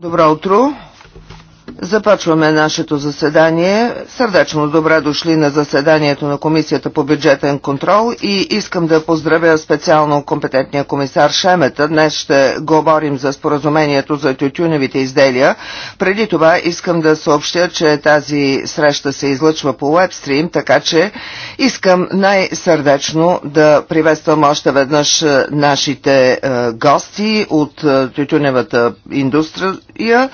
Добро утро. Започваме нашето заседание. Сърдечно добре дошли на заседанието на Комисията по бюджетен контрол и искам да поздравя специално компетентния комисар Шемета. Днес ще говорим за споразумението за тютюневите изделия. Преди това искам да съобщя, че тази среща се излъчва по вебстрим, така че искам най-сърдечно да приветствам още веднъж е, нашите е, гости от е, тютюневата индустрия.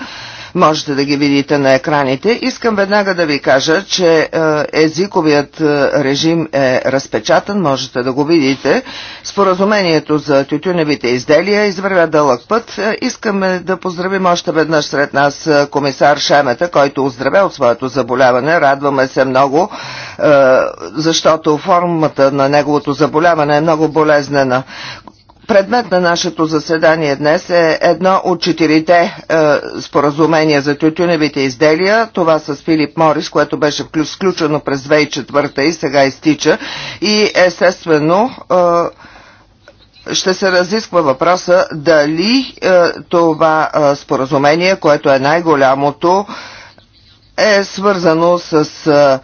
Можете да ги видите на екраните. Искам веднага да ви кажа, че е, езиковият е, режим е разпечатан, можете да го видите. Споразумението за тютюневите изделия е извървя дълъг път. Искаме да поздравим още веднъж сред нас комисар Шемета, който оздравя от своето заболяване. Радваме се много, защото формата на неговото заболяване е много болезнена. Предмет на нашето заседание днес е едно от четирите е, споразумения за тютюневите изделия. Това с Филип Морис, което беше включено през 2004 и сега изтича. И естествено е, ще се разисква въпроса дали е, това е, споразумение, което е най-голямото, е свързано с е,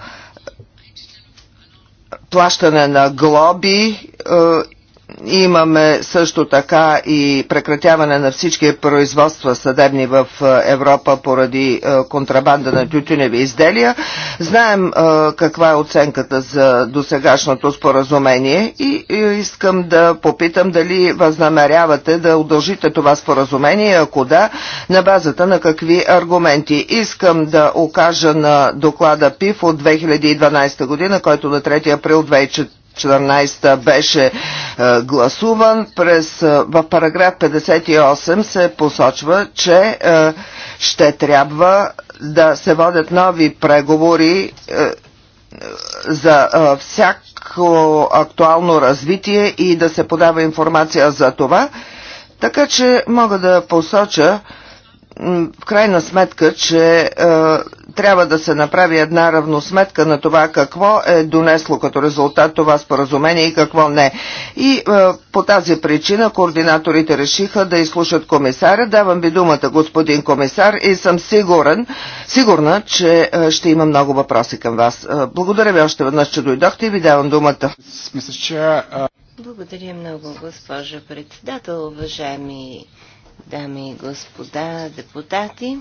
плащане на глоби е, Имаме също така и прекратяване на всички производства съдебни в е, Европа поради е, контрабанда на тютюневи изделия. Знаем е, каква е оценката за досегашното споразумение и искам да попитам дали възнамерявате да удължите това споразумение, ако да, на базата на какви аргументи. Искам да окажа на доклада ПИФ от 2012 година, който на 3 април 2014 беше е, гласуван. През, е, в параграф 58 се посочва, че е, ще трябва да се водят нови преговори за всяко актуално развитие и да се подава информация за това. Така че мога да посоча, в крайна сметка, че е, трябва да се направи една равносметка на това какво е донесло като резултат това споразумение и какво не. И е, по тази причина координаторите решиха да изслушат комисаря. Давам ви думата, господин комисар, и съм сигурен, сигурна, че е, ще има много въпроси към вас. Е, благодаря ви още веднъж, че дойдохте и ви давам думата. Благодаря много, госпожа председател, уважаеми дами и господа депутати.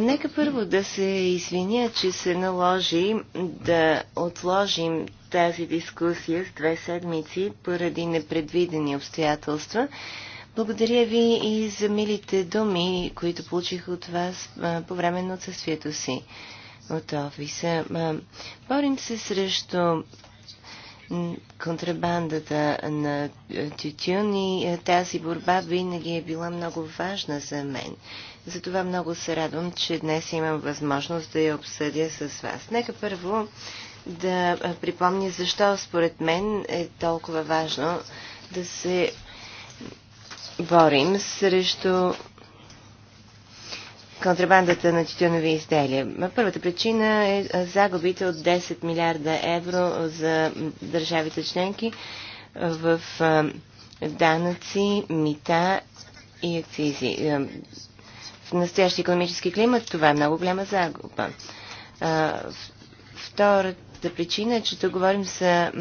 Нека първо да се извиня, че се наложи да отложим тази дискусия с две седмици поради непредвидени обстоятелства. Благодаря ви и за милите думи, които получих от вас по време на отсъствието си от офиса. Борим се срещу контрабандата на е, тютюн и е, тази борба винаги е била много важна за мен. Затова много се радвам, че днес имам възможност да я обсъдя с вас. Нека първо да е, припомня защо според мен е толкова важно да се борим срещу контрабандата на тютюнови изделия. Първата причина е загубите от 10 милиарда евро за държавите членки в данъци, мита и акцизи. В настоящия економически климат това е много голяма загуба. Втората причина е, че тук говорим за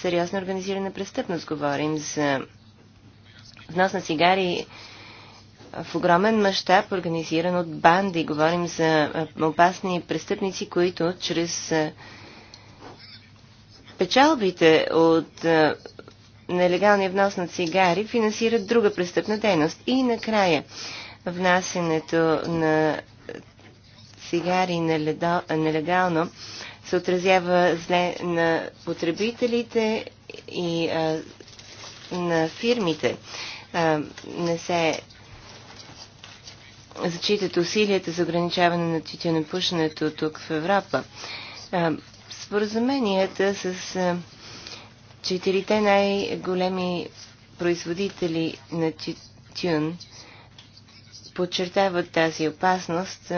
сериозна организирана престъпност. Говорим за внос на цигари в огромен мащаб, организиран от банди. Говорим за опасни престъпници, които чрез печалбите от нелегалния внос на цигари финансират друга престъпна дейност. И накрая внасенето на цигари нелегално се отразява зле на потребителите и а, на фирмите. А, не се зачитат усилията за ограничаване на тютюнопушенето тук в Европа. Споразуменията с четирите най-големи производители на тютюн подчертават тази опасност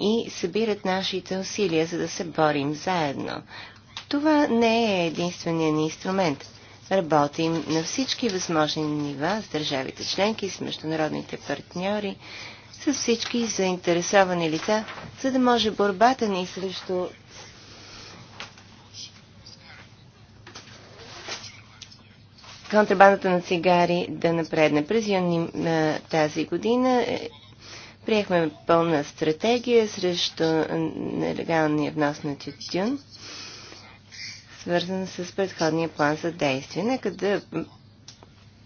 и събират нашите усилия, за да се борим заедно. Това не е единствения ни инструмент. Работим на всички възможни нива с държавите членки, с международните партньори, с всички заинтересовани лица, за да може борбата ни срещу контрабандата на цигари да напредне. През юни на тази година е, приехме пълна стратегия срещу нелегалния внос на тютюн, свързана с предходния план за действие. Нека да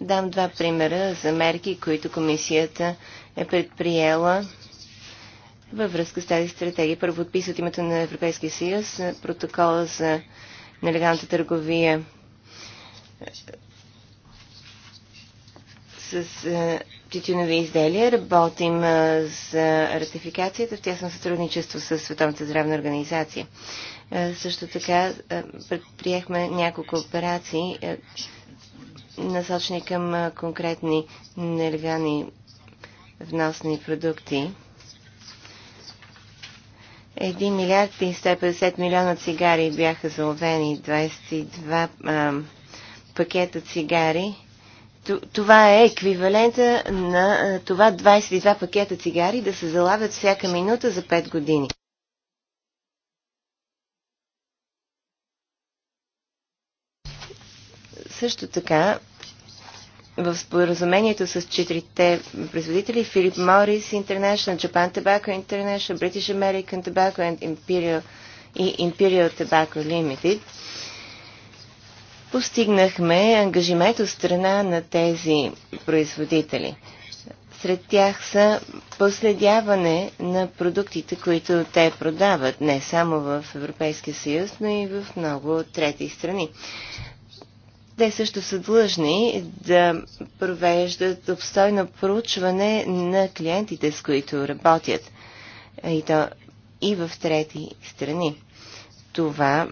дам два примера за мерки, които комисията е предприела във връзка с тази стратегия. Първо подписа от името на Европейския съюз е, протокола за нелегалната търговия е, с е, тютюнови изделия. Работим за ратификацията в тясно сътрудничество с Световната здравна организация. Също така предприехме няколко операции насочени към конкретни нелегални вносни продукти. 1 милиард и 150 милиона цигари бяха заловени, 22 а, пакета цигари. Това е еквивалента на това 22 пакета цигари да се залавят всяка минута за 5 години. Също така в споразумението с четирите производители Philip Morris International, Japan Tobacco International, British American Tobacco and Imperial, и Imperial Tobacco Limited постигнахме ангажимент от страна на тези производители. Сред тях са последяване на продуктите, които те продават, не само в Европейския съюз, но и в много трети страни. Те също са длъжни да провеждат обстойно проучване на клиентите, с които работят. И, то, и в трети страни. Това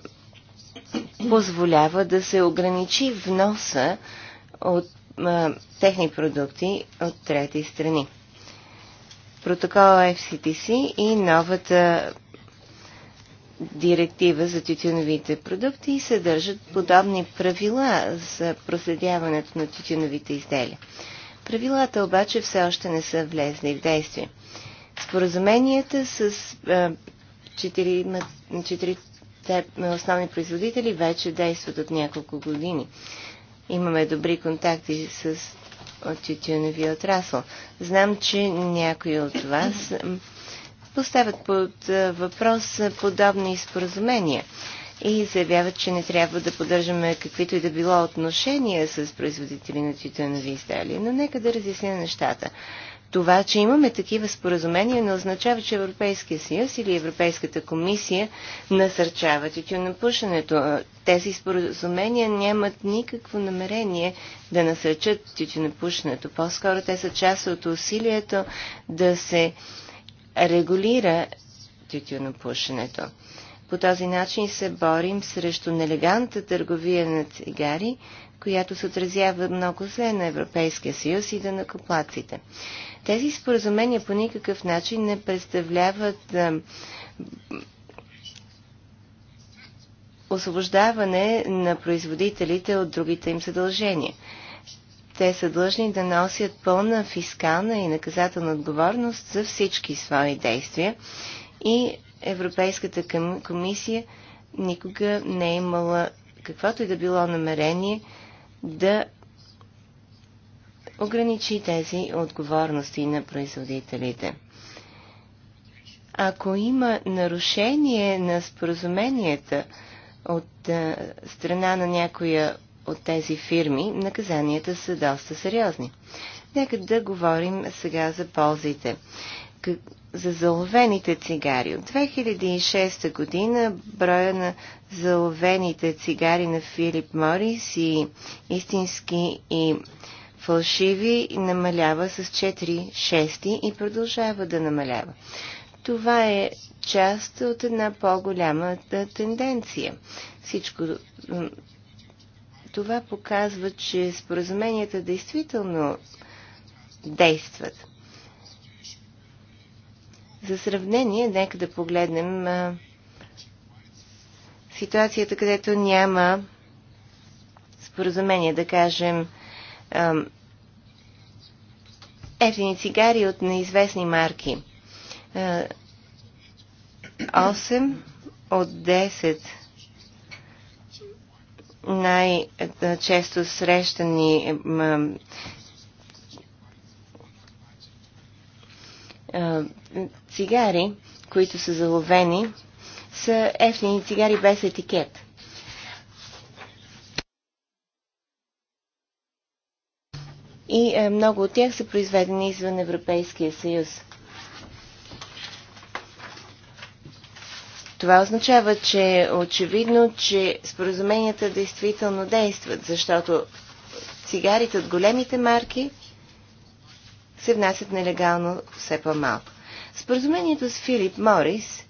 позволява да се ограничи вноса от а, техни продукти от трети страни. Протокола FCTC и новата директива за тютюновите продукти и съдържат подобни правила за проследяването на тютюновите изделия. Правилата обаче все още не са влезли в действие. Споразуменията с е, четирите основни производители вече действат от няколко години. Имаме добри контакти с от тютюневия отрасъл. Знам, че някои от вас поставят под въпрос подобни споразумения и заявяват, че не трябва да поддържаме каквито и да било отношения с производители на титанови изделия. Но нека да разясня нещата. Това, че имаме такива споразумения, не означава, че Европейския съюз или Европейската комисия насърчава тютюнопушенето. Тези споразумения нямат никакво намерение да насърчат тютюнопушенето. По-скоро те са част от усилието да се регулира тютюнопушенето. По този начин се борим срещу нелегантната търговия на цигари, която се отразява много зле на Европейския съюз и да коплаците. Тези споразумения по никакъв начин не представляват а, освобождаване на производителите от другите им задължения те са длъжни да носят пълна фискална и наказателна отговорност за всички свои действия и Европейската комисия никога не е имала каквото и да било намерение да ограничи тези отговорности на производителите. Ако има нарушение на споразуменията от страна на някоя от тези фирми, наказанията са доста сериозни. Нека да говорим сега за ползите. За заловените цигари. От 2006 година броя на заловените цигари на Филип Морис и истински и фалшиви намалява с 4 шести и продължава да намалява. Това е част от една по-голяма тенденция. Всичко това показва, че споразуменията действително действат. За сравнение, нека да погледнем а, ситуацията, където няма споразумение, да кажем, а, ефтини цигари от неизвестни марки. А, 8 от 10 най-често срещани цигари, които са заловени, са ефтини цигари без етикет. И много от тях са произведени извън Европейския съюз. Това означава, че е очевидно, че споразуменията действително действат, защото цигарите от големите марки се внасят нелегално все по-малко. Споразумението с Филип Морис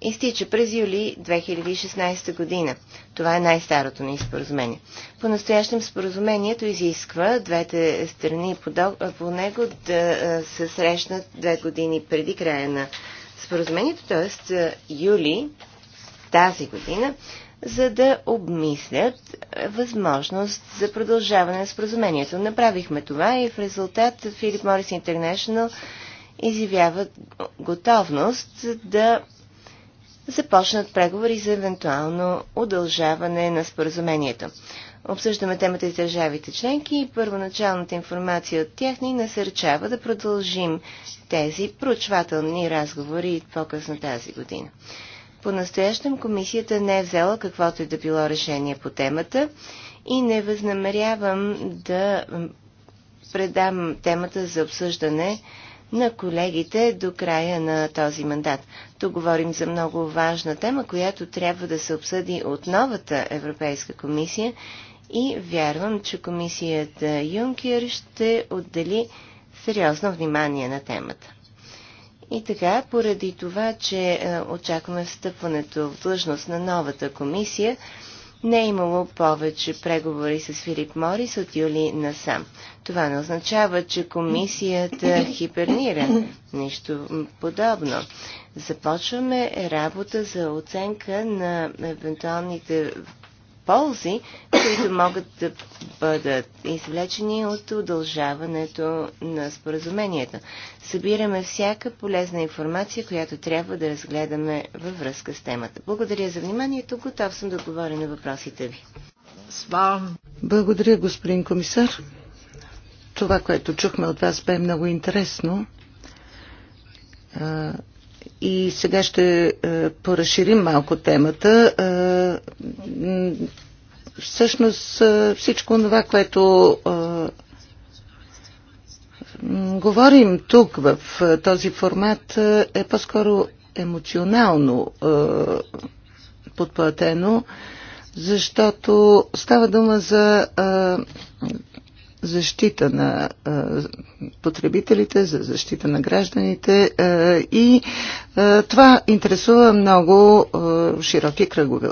изтича през юли 2016 година. Това е най-старото ни споразумение. По настоящем споразумението изисква двете страни по, него да се срещнат две години преди края на споразумението, т.е. юли тази година, за да обмислят възможност за продължаване на споразумението. Направихме това и в резултат Philip Morris International изявяват готовност да започнат преговори за евентуално удължаване на споразумението. Обсъждаме темата и държавите членки и първоначалната информация от тях ни насърчава да продължим тези проучвателни разговори по-късно тази година. По-настоящем комисията не е взела каквото и е да било решение по темата и не възнамерявам да предам темата за обсъждане на колегите до края на този мандат. Тук говорим за много важна тема, която трябва да се обсъди от новата Европейска комисия и вярвам, че комисията Юнкер ще отдели сериозно внимание на темата. И така, поради това, че е, очакваме встъпването в длъжност на новата комисия, не е имало повече преговори с Филип Морис от юли насам. Това не означава, че комисията е хипернира Нищо подобно. Започваме работа за оценка на евентуалните ползи, които могат да бъдат извлечени от удължаването на споразумението. Събираме всяка полезна информация, която трябва да разгледаме във връзка с темата. Благодаря за вниманието. Готов съм да отговоря на въпросите ви. Благодаря, господин комисар. Това, което чухме от вас, бе много интересно и сега ще е, поразширим малко темата. Е, всъщност е, всичко това, което говорим тук в този формат е по-скоро емоционално подплатено, защото става дума за защита на потребителите, за защита на гражданите и това интересува много широки кръгове.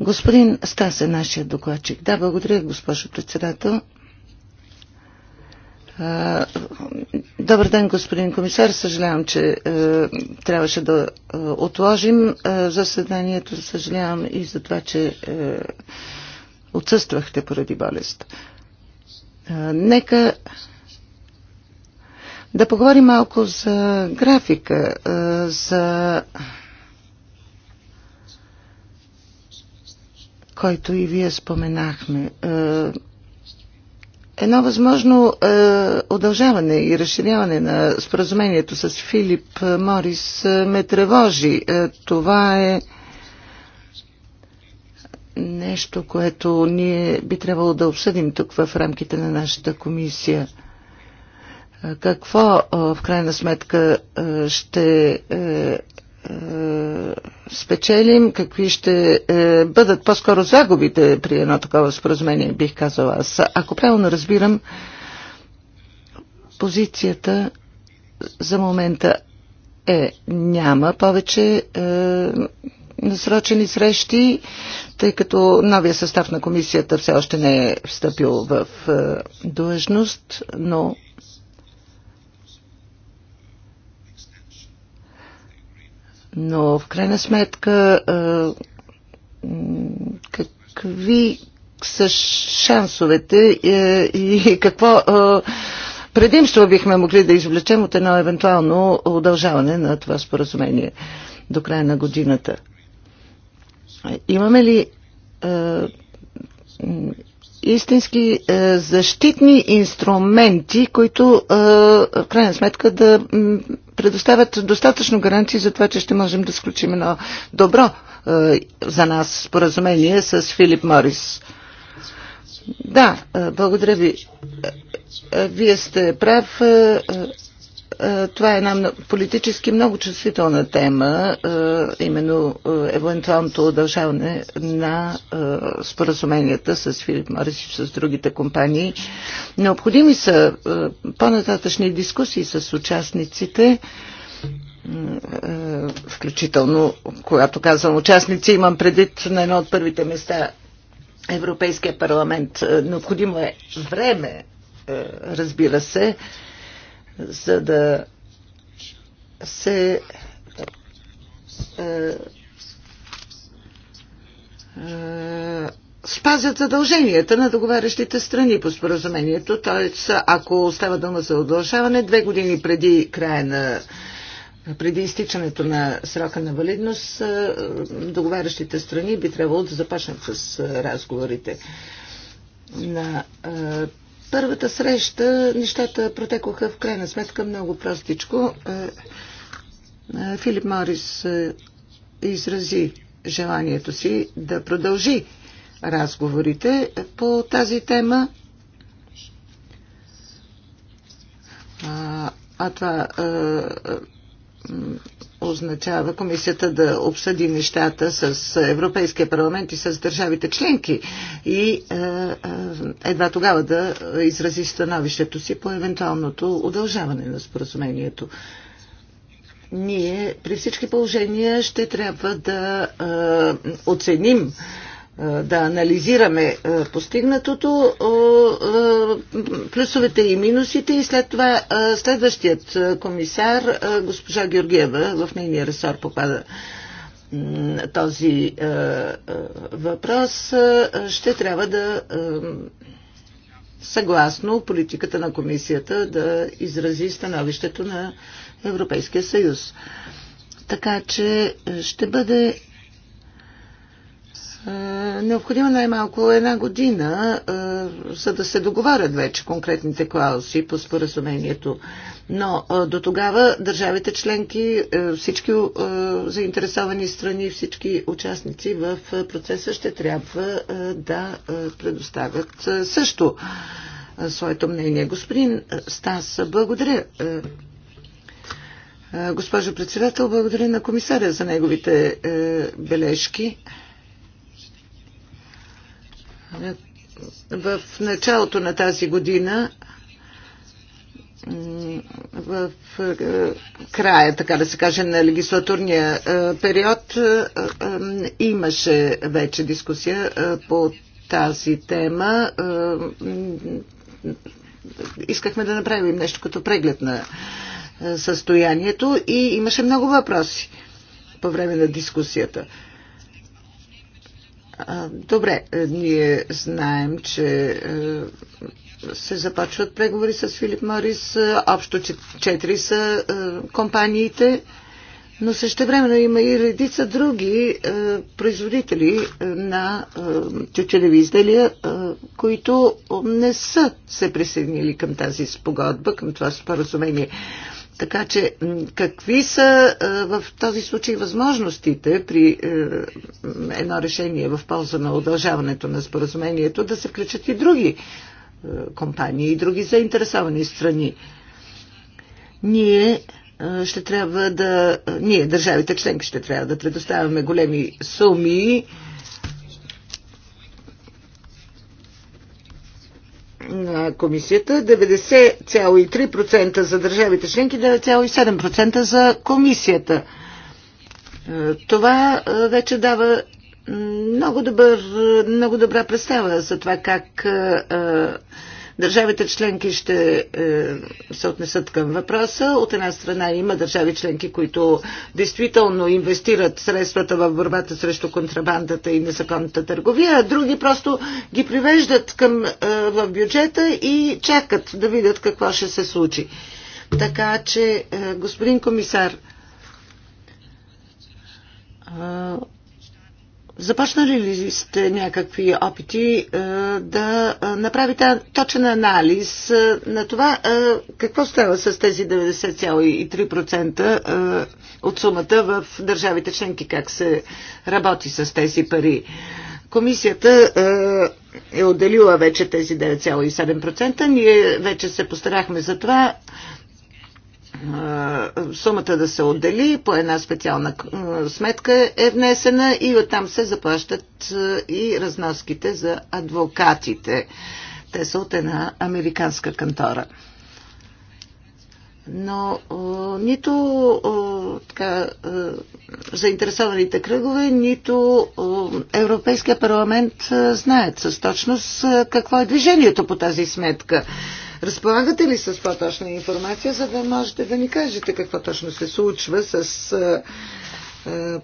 Господин Стас е нашия докладчик. Да, благодаря, госпожо председател. Добър ден, господин комисар. Съжалявам, че е, трябваше да е, отложим е, заседанието. Съжалявам и за това, че е, отсъствахте поради болест. Е, Нека да поговорим малко за графика, за който и вие споменахме. Едно възможно удължаване и разширяване на споразумението с Филип Морис ме тревожи. това е нещо, което ние би трябвало да обсъдим тук в рамките на нашата комисия. Какво в крайна сметка ще е, е, спечелим, какви ще е, бъдат по-скоро загубите при едно такова споразумение, бих казала аз. Ако правилно разбирам, позицията за момента е няма повече насрочени срещи, тъй като новия състав на комисията все още не е встъпил в е, длъжност, но но в крайна сметка е, какви са шансовете е, и какво предимство бихме могли да извлечем от едно евентуално удължаване на това споразумение до края на годината. Имаме ли е, истински е, защитни инструменти, които е, в крайна сметка да предоставят достатъчно гаранции за това, че ще можем да сключим едно добро е, за нас споразумение с Филип Морис? Да, благодаря ви. Вие сте прав. Е, това е една политически много чувствителна тема, е, именно е, евентуалното удължаване на споразуменията с Филип Морис и с другите компании. Необходими са по-нататъчни дискусии с участниците, включително, когато казвам участници, имам предвид на едно от първите места Европейския парламент. Необходимо е време, разбира се, за да се е, е, спазят задълженията на договарящите страни по споразумението. Т.е. ако става дума за удължаване, две години преди края на преди изтичането на срока на валидност, е, договарящите страни би трябвало да започнат с разговорите на първата среща нещата протекоха в крайна сметка много простичко. Е, е, Филип Морис е, изрази желанието си да продължи разговорите по тази тема. А, а това а, означава комисията да обсъди нещата с Европейския парламент и с държавите членки и е, е, едва тогава да изрази становището си по евентуалното удължаване на споразумението. Ние при всички положения ще трябва да е, оценим е, да анализираме е, постигнатото, е, плюсовете и минусите и след това следващият комисар, госпожа Георгиева, в нейния ресор попада този въпрос, ще трябва да съгласно политиката на комисията да изрази становището на Европейския съюз. Така че ще бъде е, необходимо най-малко една година, е, за да се договарят вече конкретните клаузи по споразумението. Но е, до тогава държавите членки, всички заинтересовани страни, всички участници в процеса ще трябва да предоставят също своето мнение. Господин Стас, благодаря. Госпожо председател, благодаря на комисаря за неговите бележки. В началото на тази година в е, края, така да се каже, на легислатурния е, период е, имаше вече дискусия по тази тема. Искахме да направим нещо като преглед на състоянието и имаше много въпроси по време на дискусията. Добре, е, ние знаем, че е, се започват преговори с Филип Морис. Е, общо четири са компаниите, но същевременно има и редица други производители на тютюневи изделия, които не са се присъединили към тази спогодба, към това споразумение. Така че, какви са е, в този случай възможностите при е, едно решение в полза на удължаването на споразумението да се включат и други е, компании и други заинтересовани страни? Ние ще трябва да, ние, държавите членки, ще трябва да предоставяме големи суми на комисията, 90,3% за държавите членки, 9,7% за комисията. Е, това е, вече дава много, добър, много добра представа за това как е, държавите членки ще е, се отнесат към въпроса. От една страна има държави членки, които действително инвестират средствата в борбата срещу контрабандата и незаконната търговия, а други просто ги привеждат към, е, в бюджета и чакат да видят какво ще се случи. Така че, е, господин комисар, Започнали ли сте някакви опити е, да е, направите точен анализ е, на това е, какво става с тези 90,3% е, от сумата в държавите членки, как се работи с тези пари? Комисията е, е отделила вече тези 9,7%. Ние вече се постарахме за това сумата да се отдели по една специална сметка е внесена и оттам се заплащат и разноските за адвокатите. Те са от една американска кантора. Но о, нито о, така, о, заинтересованите кръгове, нито о, Европейския парламент о, знаят с точност какво е движението по тази сметка. О, Разполагате ли с по-точна информация, за да можете да ни кажете какво точно се случва с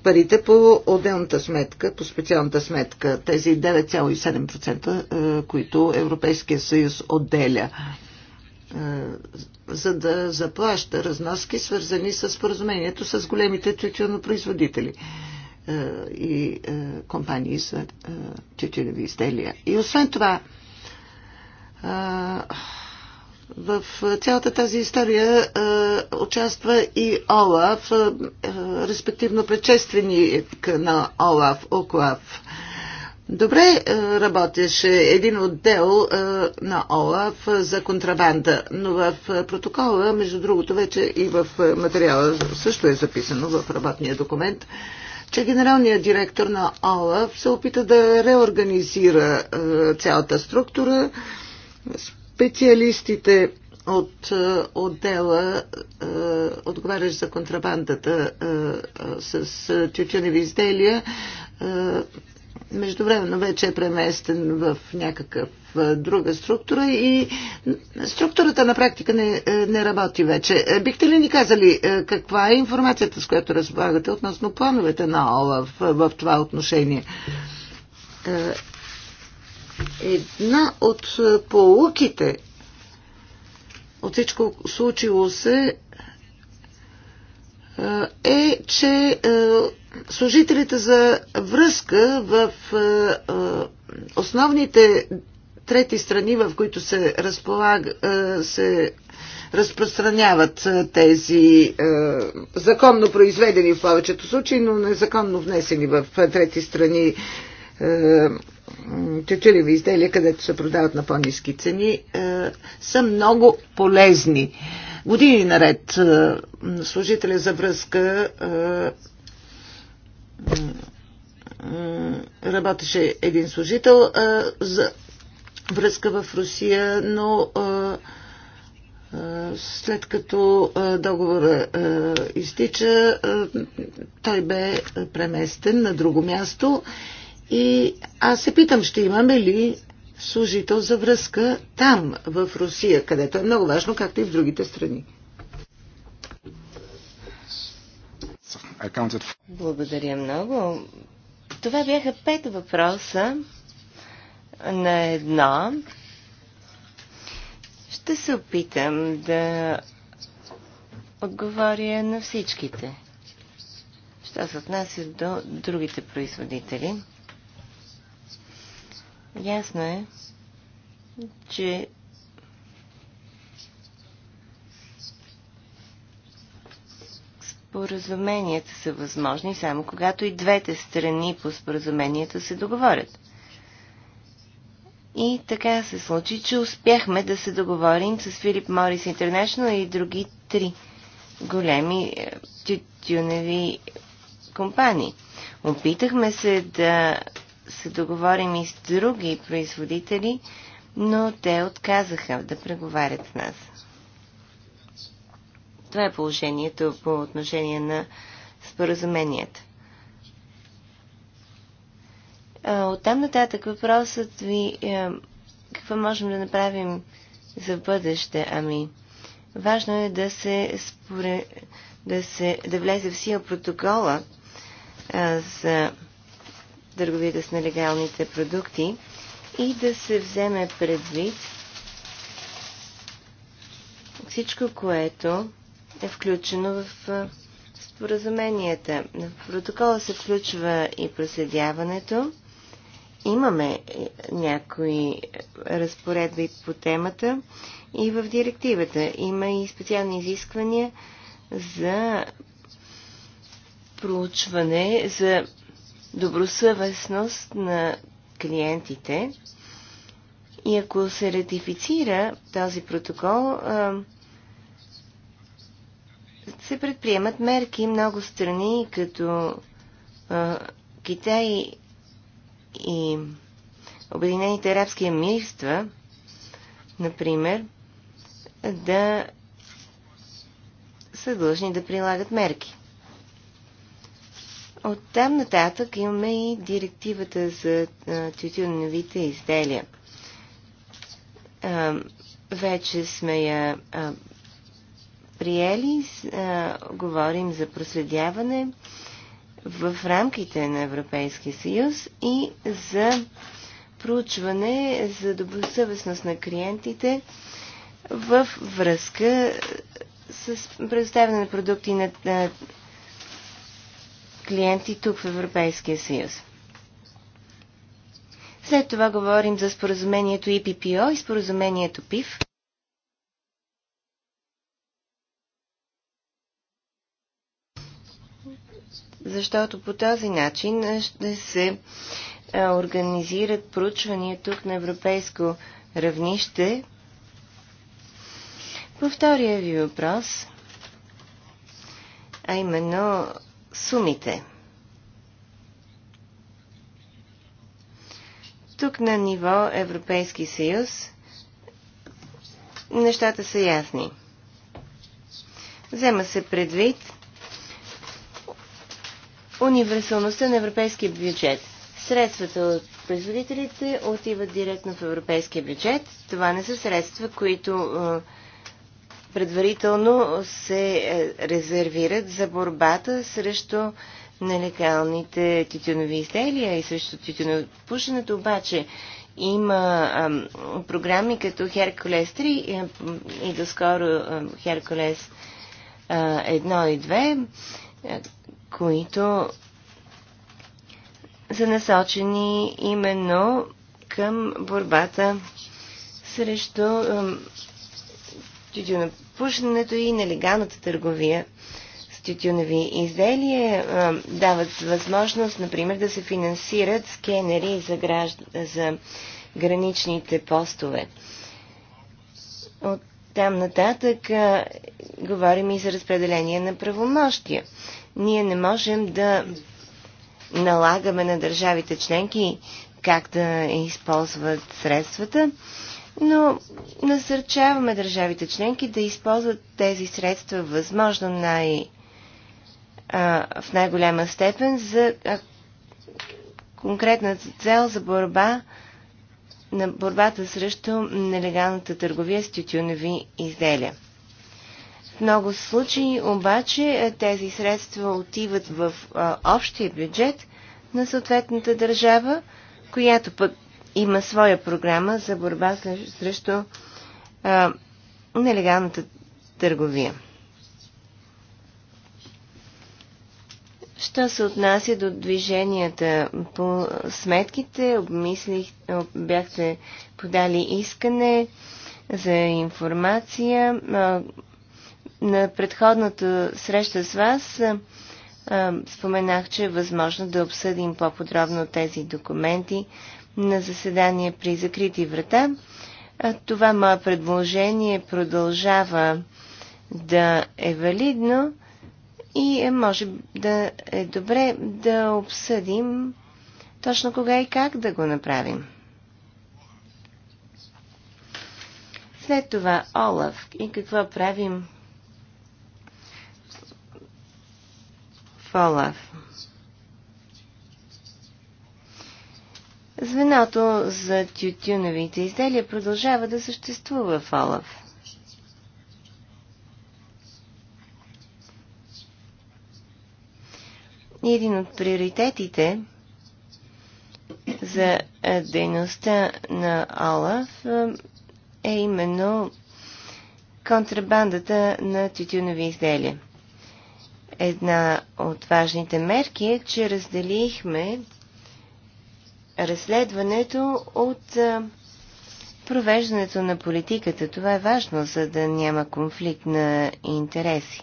парите по отделната сметка, по специалната сметка, тези 9,7%, които Европейския съюз отделя, за да заплаща разноски, свързани с споразумението с големите тютюнопроизводители и компании за тютюневи изделия. И освен това, в цялата тази история а, участва и Олаф, а, респективно предшественик на Олаф, Оклав. Добре а, работеше един отдел а, на Олаф за контрабанда, но в протокола, между другото, вече и в материала също е записано в работния документ, че генералният директор на ОЛАФ се опита да реорганизира а, цялата структура специалистите от е, отдела, е, отговарящ за контрабандата е, с тютюневи изделия, междувременно вече е преместен в някакъв друга структура и структурата на практика не, не работи вече. Бихте ли ни казали каква е информацията, с която разполагате относно плановете на ОЛАВ в, в това отношение? Една от е, полуките от всичко случило се е, е че е, служителите за връзка в основните трети страни, в които се, разполага, се разпространяват тези законно произведени в повечето случаи, но незаконно внесени в трети страни е, течеливи изделия, където се продават на по-низки цени, е, са много полезни. Години наред е, служителя за връзка работеше един служител за връзка в Русия, но след като договора изтича, той бе преместен на друго място и аз се питам, ще имаме ли служител за връзка там, в Русия, където е много важно, както и в другите страни. Благодаря много. Това бяха пет въпроса на едно. Ще се опитам да отговоря на всичките. Що се отнася до другите производители? Ясно е, че споразуменията са възможни само когато и двете страни по споразумението се договорят. И така се случи, че успяхме да се договорим с Филип Морис Интернешнъл и други три големи е, тютюневи компании. Опитахме се да се договорим и с други производители, но те отказаха да преговарят с нас. Това е положението по отношение на споразуменията. От там нататък въпросът ви е какво можем да направим за бъдеще. Ами, важно е да се, споре, да, се да влезе в сила протокола а, за търговията с нелегалните продукти и да се вземе предвид всичко, което е включено в споразуменията. В протокола се включва и проследяването. Имаме е, някои е, разпоредби по темата и в директивата. Има и специални изисквания за проучване, за добросъвестност на клиентите. И ако се ратифицира този протокол, се предприемат мерки много страни, като Китай и Обединените арабски емирства, например, да са длъжни да прилагат мерки. От там нататък имаме и директивата за тютюновите изделия. Вече сме я приели, говорим за проследяване в рамките на Европейския съюз и за проучване за добросъвестност на клиентите в връзка с предоставяне на продукти на клиенти тук в Европейския съюз. След това говорим за споразумението ИППО и споразумението ПИФ. Защото по този начин ще се организират проучвания тук на европейско равнище. По втория ви въпрос, а именно сумите. Тук на ниво Европейски съюз нещата са ясни. Взема се предвид универсалността на европейския бюджет. Средствата от производителите отиват директно в европейския бюджет. Това не са средства, които е, предварително се е, резервират за борбата срещу нелегалните титюнови изделия и срещу тютюнопушенето, обаче има а, програми като Херкулес 3 и, и доскоро ам, Херкулес а, 1 и 2, които са насочени именно към борбата срещу ам, тютюнопушенето пушенето и нелегалната търговия с тютюневи изделия е, дават възможност, например, да се финансират скенери за, гражд... за граничните постове. От там нататък а, е, говорим и за разпределение на правомощия. Ние не можем да налагаме на държавите членки как да използват средствата но насърчаваме държавите членки да използват тези средства възможно най- а, в най-голяма степен за а, конкретната цел за борба на борбата срещу нелегалната търговия с тютюнови изделия. В много случаи обаче тези средства отиват в а, общия бюджет на съответната държава, която пък има своя програма за борба срещу а, нелегалната търговия. Що се отнася до движенията по сметките, обмислих, бяхте подали искане за информация. На предходната среща с вас споменах, че е възможно да обсъдим по-подробно тези документи на заседание при закрити врата. Това мое предложение продължава да е валидно и е, може да е добре да обсъдим точно кога и как да го направим. След това Олаф и какво правим в Олаф. Звеното за тютюновите изделия продължава да съществува в Олаф. един от приоритетите за е, дейността на Олаф е, е именно контрабандата на тютюнови изделия. Една от важните мерки е, че разделихме разследването от провеждането на политиката. Това е важно, за да няма конфликт на интереси.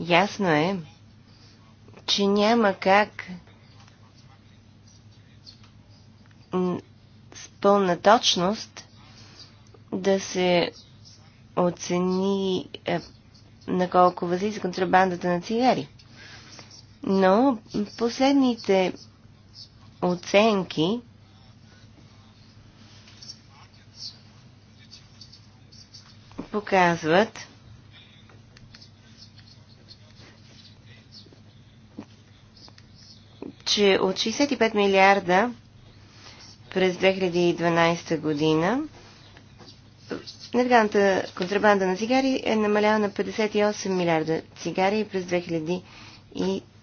Ясно е, че няма как с пълна точност да се оцени е, на колко възлиза контрабандата на цигари. Но последните оценки показват, че от 65 милиарда през 2012 година нелегалната контрабанда на цигари е намаляла на 58 милиарда цигари през 2013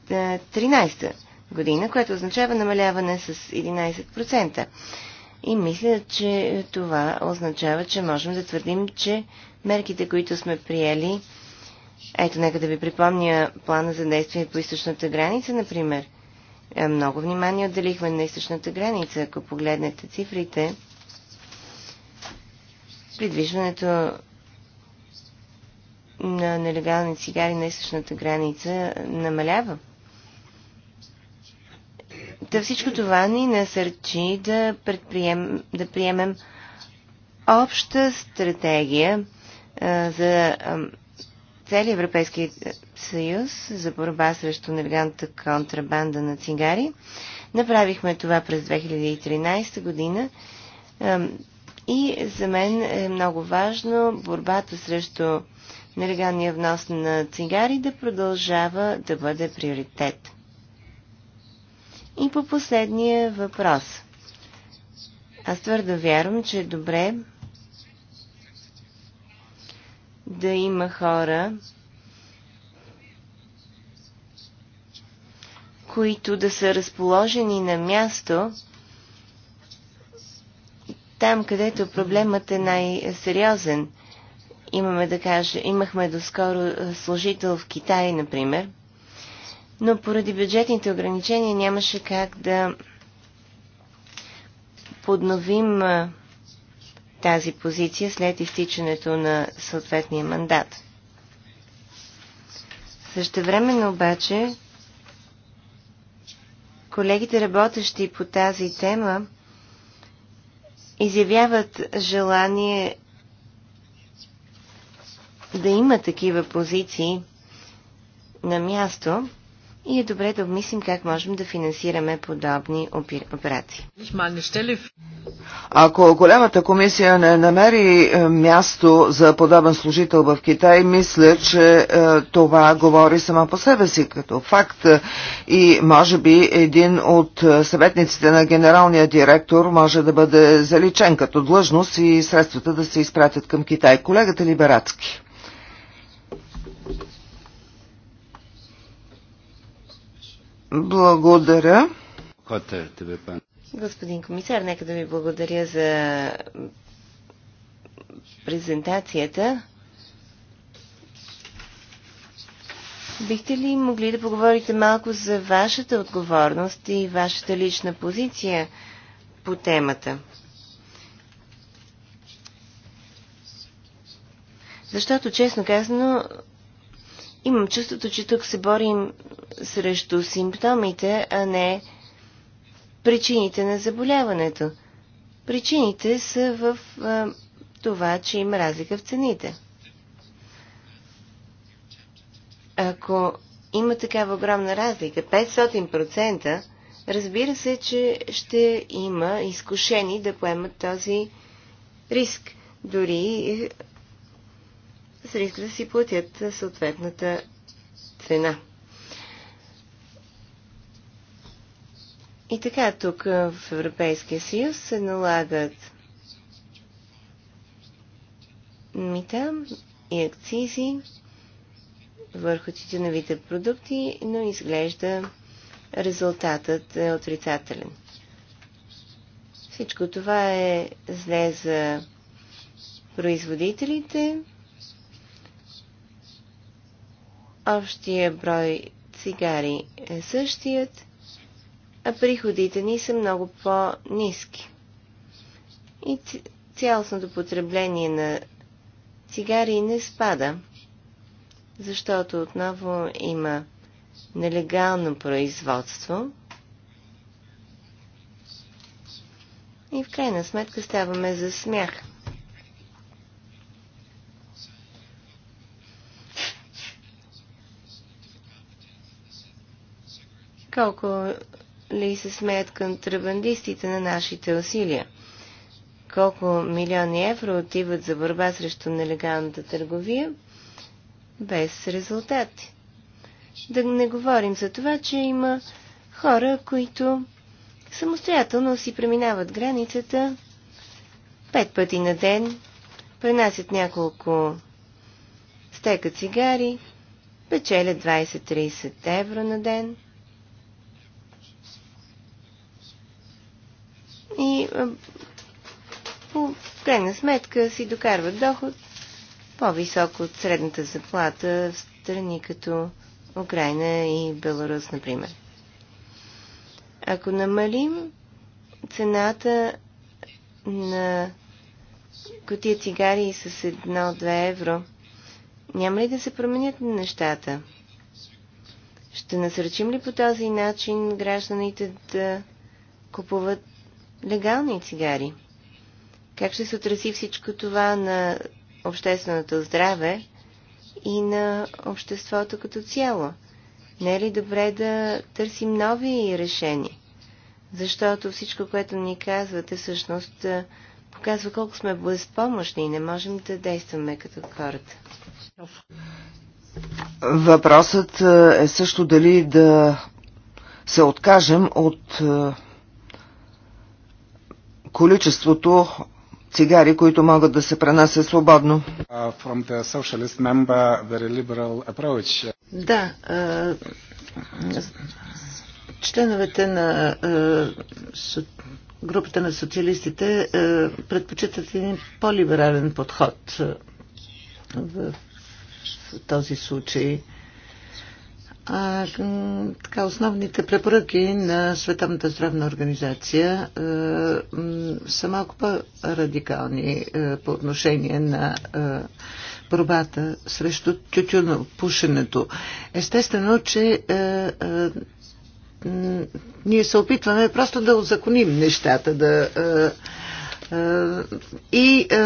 2013 година, което означава намаляване с 11%. И мисля, че това означава, че можем да твърдим, че мерките, които сме приели, ето нека да ви припомня плана за действие по източната граница, например. Е, много внимание отделихме на източната граница. Ако погледнете цифрите, придвижването на нелегални цигари на източната граница намалява. Та всичко това ни насърчи да, предприем, да приемем обща стратегия а, за целият Европейски съюз за борба срещу нелегалната контрабанда на цигари. Направихме това през 2013 година а, и за мен е много важно борбата срещу нелегалния внос на цигари да продължава да бъде приоритет. И по последния въпрос. Аз твърдо вярвам, че е добре да има хора, които да са разположени на място, там, където проблемът е най-сериозен. Имаме да кажа, имахме доскоро служител в Китай, например, но поради бюджетните ограничения нямаше как да подновим тази позиция след изтичането на съответния мандат. Същевременно обаче колегите работещи по тази тема изявяват желание да има такива позиции на място, и е добре да обмислим как можем да финансираме подобни операции. Ако голямата комисия не намери е, място за подобен служител в Китай, мисля, че е, това говори сама по себе си като факт. И може би един от е, съветниците на генералния директор може да бъде заличен като длъжност и средствата да се изпратят към Китай. Колегата Либерацки. Благодаря. Господин комисар, нека да ви благодаря за презентацията. Бихте ли могли да поговорите малко за вашата отговорност и вашата лична позиция по темата? Защото, честно казано, Имам чувството, че тук се борим срещу симптомите, а не причините на заболяването. Причините са в а, това, че има разлика в цените. Ако има такава огромна разлика, 500%, разбира се, че ще има изкушени да поемат този риск. Дори с риск да си платят съответната цена. И така, тук в Европейския съюз се налагат мита и акцизи върху тютюновите продукти, но изглежда резултатът е отрицателен. Всичко това е зле за производителите, Общия брой цигари е същият, а приходите ни са много по-низки. И цялостното потребление на цигари не спада, защото отново има нелегално производство. И в крайна сметка ставаме за смях. Колко ли се смеят контрабандистите на нашите усилия? Колко милиони евро отиват за борба срещу нелегалната търговия? Без резултати. Да не говорим за това, че има хора, които самостоятелно си преминават границата пет пъти на ден, пренасят няколко стека цигари, печелят 20-30 евро на ден – и по крайна сметка си докарват доход по-висок от средната заплата в страни като Украина и Беларус, например. Ако намалим цената на котия цигари с 1-2 евро, няма ли да се променят нещата? Ще насръчим ли по този начин гражданите да купуват легални цигари. Как ще се отрази всичко това на общественото здраве и на обществото като цяло? Не е ли добре да търсим нови решения? Защото всичко, което ни казвате, всъщност показва колко сме безпомощни и не можем да действаме като хората. Въпросът е също дали да се откажем от количеството цигари, които могат да се пренасят свободно. Member, да, членовете на групата на социалистите предпочитат един по-либерален подход в, в този случай а, така, основните препоръки на Световната здравна организация а, са малко по-радикални а, по отношение на а, борбата срещу тютюнопушенето. Естествено, че а, а, ние се опитваме просто да озаконим нещата, да а, е, и е,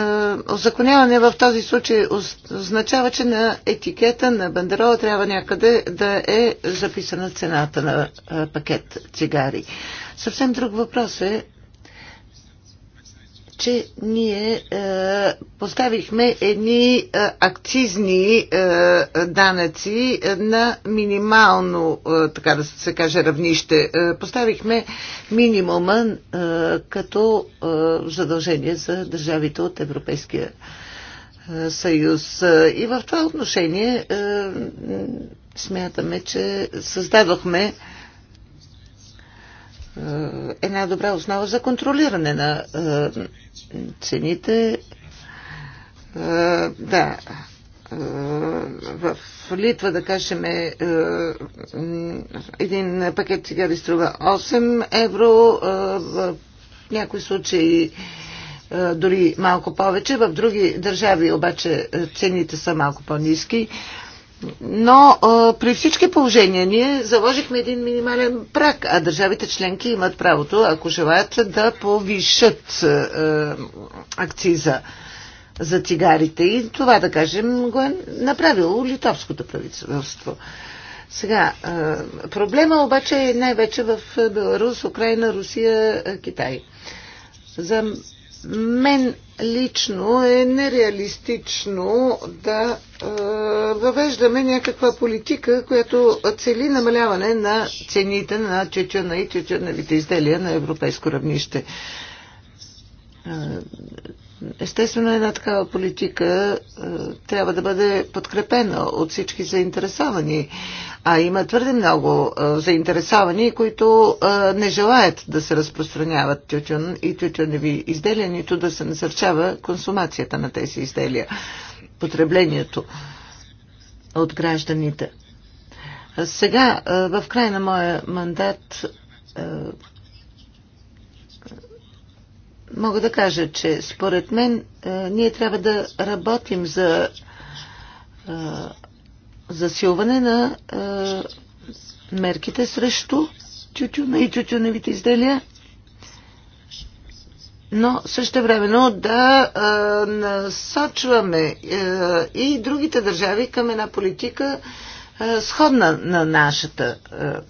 озаконяване в този случай означава, че на етикета на бандерола трябва някъде да е записана цената на е, пакет цигари. Съвсем друг въпрос е, че ние поставихме едни е, акцизни е, е, данъци на минимално, така да се каже, равнище. Поставихме минимума като задължение за държавите от Европейския съюз. И в това отношение смятаме, че създадохме една добра основа за контролиране на цените е, да, е, в Литва, да кажем, е, един пакет цигари струва 8 евро, в някои случаи дори малко повече, в други държави обаче цените са малко по-низки. Но а, при всички положения ние заложихме един минимален прак, а държавите членки имат правото, ако желаят, да повишат а, акциза за цигарите. И това, да кажем, го е направило литовското правителство. Сега, проблема обаче е най-вече в Беларус, Украина, Русия, Китай. За мен лично е нереалистично да е, въвеждаме някаква политика, която цели намаляване на цените на тютюна и тютюневите изделия на европейско равнище. Естествено, една такава политика е, трябва да бъде подкрепена от всички заинтересовани. А има твърде много е, заинтересовани, които е, не желаят да се разпространяват тютюн и тютюневи изделия, нито да се насърчава консумацията на тези изделия, потреблението от гражданите. Сега, е, в края на моя мандат, е, мога да кажа, че според мен е, ние трябва да работим за е, засилване на е, мерките срещу тютюна и тютюневите изделия, но също времено да а, насочваме а, и другите държави към една политика, е, сходна на нашата,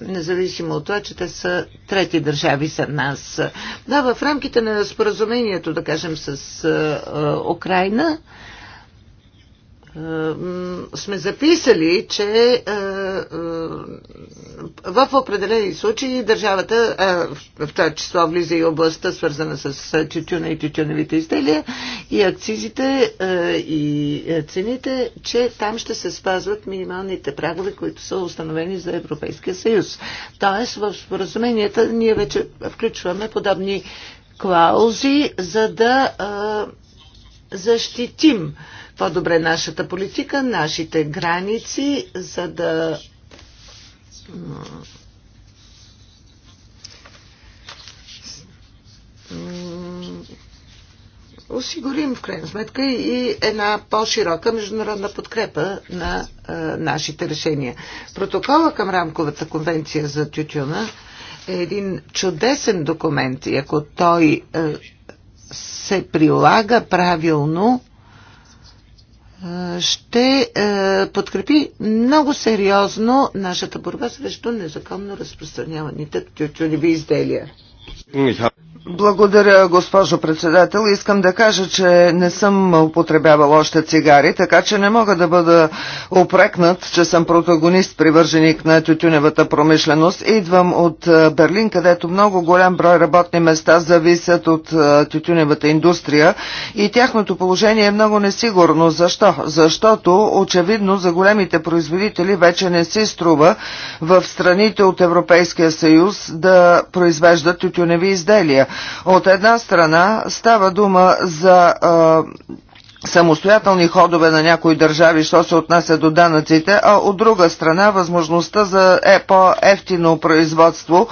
е, независимо от това, че те са трети държави за нас. Да, в рамките на споразумението, да кажем, с е, Украина, сме записали, че е, е, в определени случаи държавата, е, в това число влиза и областта, свързана с тютюна и тютюневите изделия, и акцизите и цените, че там ще се спазват минималните прагове, които са установени за Европейския съюз. Тоест, в споразуменията ние вече включваме подобни клаузи, за да защитим по-добре нашата политика, нашите граници, за да осигурим в крайна сметка и една по-широка международна подкрепа на а, нашите решения. Протокола към рамковата конвенция за тютюна е един чудесен документ и ако той а, се прилага правилно, е, ще е, подкрепи много сериозно нашата борба срещу незаконно разпространяваните тютюневи изделия. Благодаря, госпожо председател. Искам да кажа, че не съм употребявал още цигари, така че не мога да бъда опрекнат, че съм протагонист, привърженик на тютюневата промишленост. Идвам от Берлин, където много голям брой работни места зависят от тютюневата индустрия и тяхното положение е много несигурно. Защо? Защото очевидно за големите производители вече не си струва в страните от Европейския съюз да произвеждат тютюневи изделия. От една страна става дума за самостоятелни ходове на някои държави, що се отнася до данъците, а от друга страна възможността за е по-ефтино производство,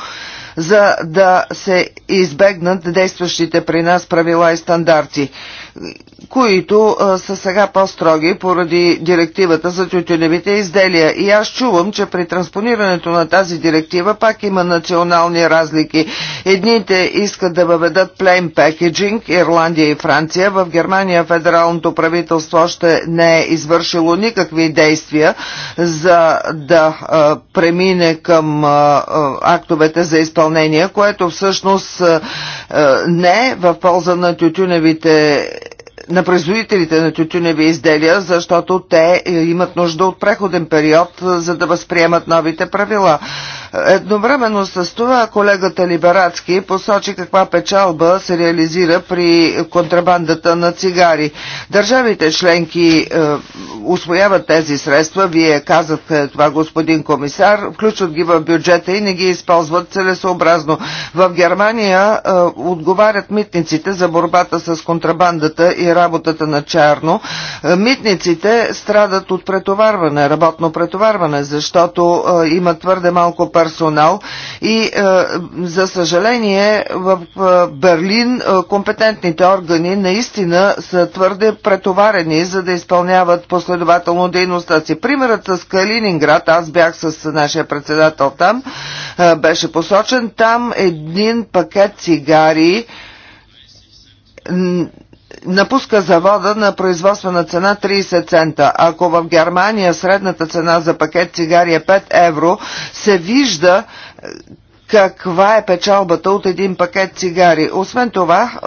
за да се избегнат действащите при нас правила и стандарти които а, са сега по-строги поради директивата за тютюневите изделия. И аз чувам, че при транспонирането на тази директива пак има национални разлики. Едните искат да въведат plain packaging, Ирландия и Франция. В Германия федералното правителство още не е извършило никакви действия за да а, премине към а, актовете за изпълнение, което всъщност а, не е в полза на тютюневите на производителите на тютюневи изделия, защото те е, имат нужда от преходен период, е, за да възприемат новите правила. Едновременно с това колегата Либерацки посочи каква печалба се реализира при контрабандата на цигари. Държавите членки е, освояват тези средства, вие казахте това господин комисар, включват ги в бюджета и не ги използват целесообразно. В Германия е, отговарят митниците за борбата с контрабандата и работата на чарно. Е, митниците страдат от претоварване, работно претоварване, защото е, има твърде малко пари персонал и е, за съжаление в е, Берлин е, компетентните органи наистина са твърде претоварени, за да изпълняват последователно дейността си. Примерът с Калининград, аз бях с нашия председател там, беше посочен там един пакет цигари напуска завода на производствена цена 30 цента. Ако в Германия средната цена за пакет цигари е 5 евро, се вижда каква е печалбата от един пакет цигари. Освен това, е,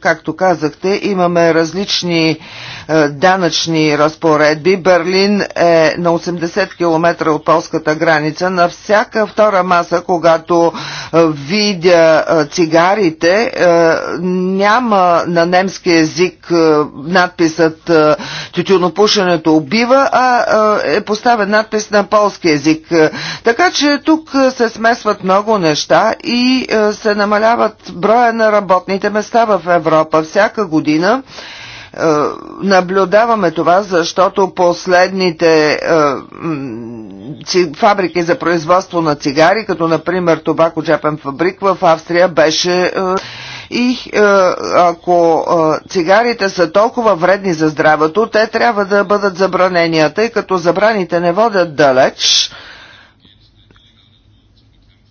както казахте, имаме различни е, данъчни разпоредби. Берлин е на 80 км от полската граница. На всяка втора маса, когато е, видя цигарите, няма на немски език надписът тютюнопушенето убива, а е поставен надпис на полски език. Така че тук се смесват много неща и е, се намаляват броя на работните места в Европа. Всяка година е, наблюдаваме това, защото последните е, фабрики за производство на цигари, като например това Коджапен фабрик в Австрия беше и ако цигарите са толкова вредни за здравето, те трябва да бъдат забранени, тъй като забраните не водят далеч.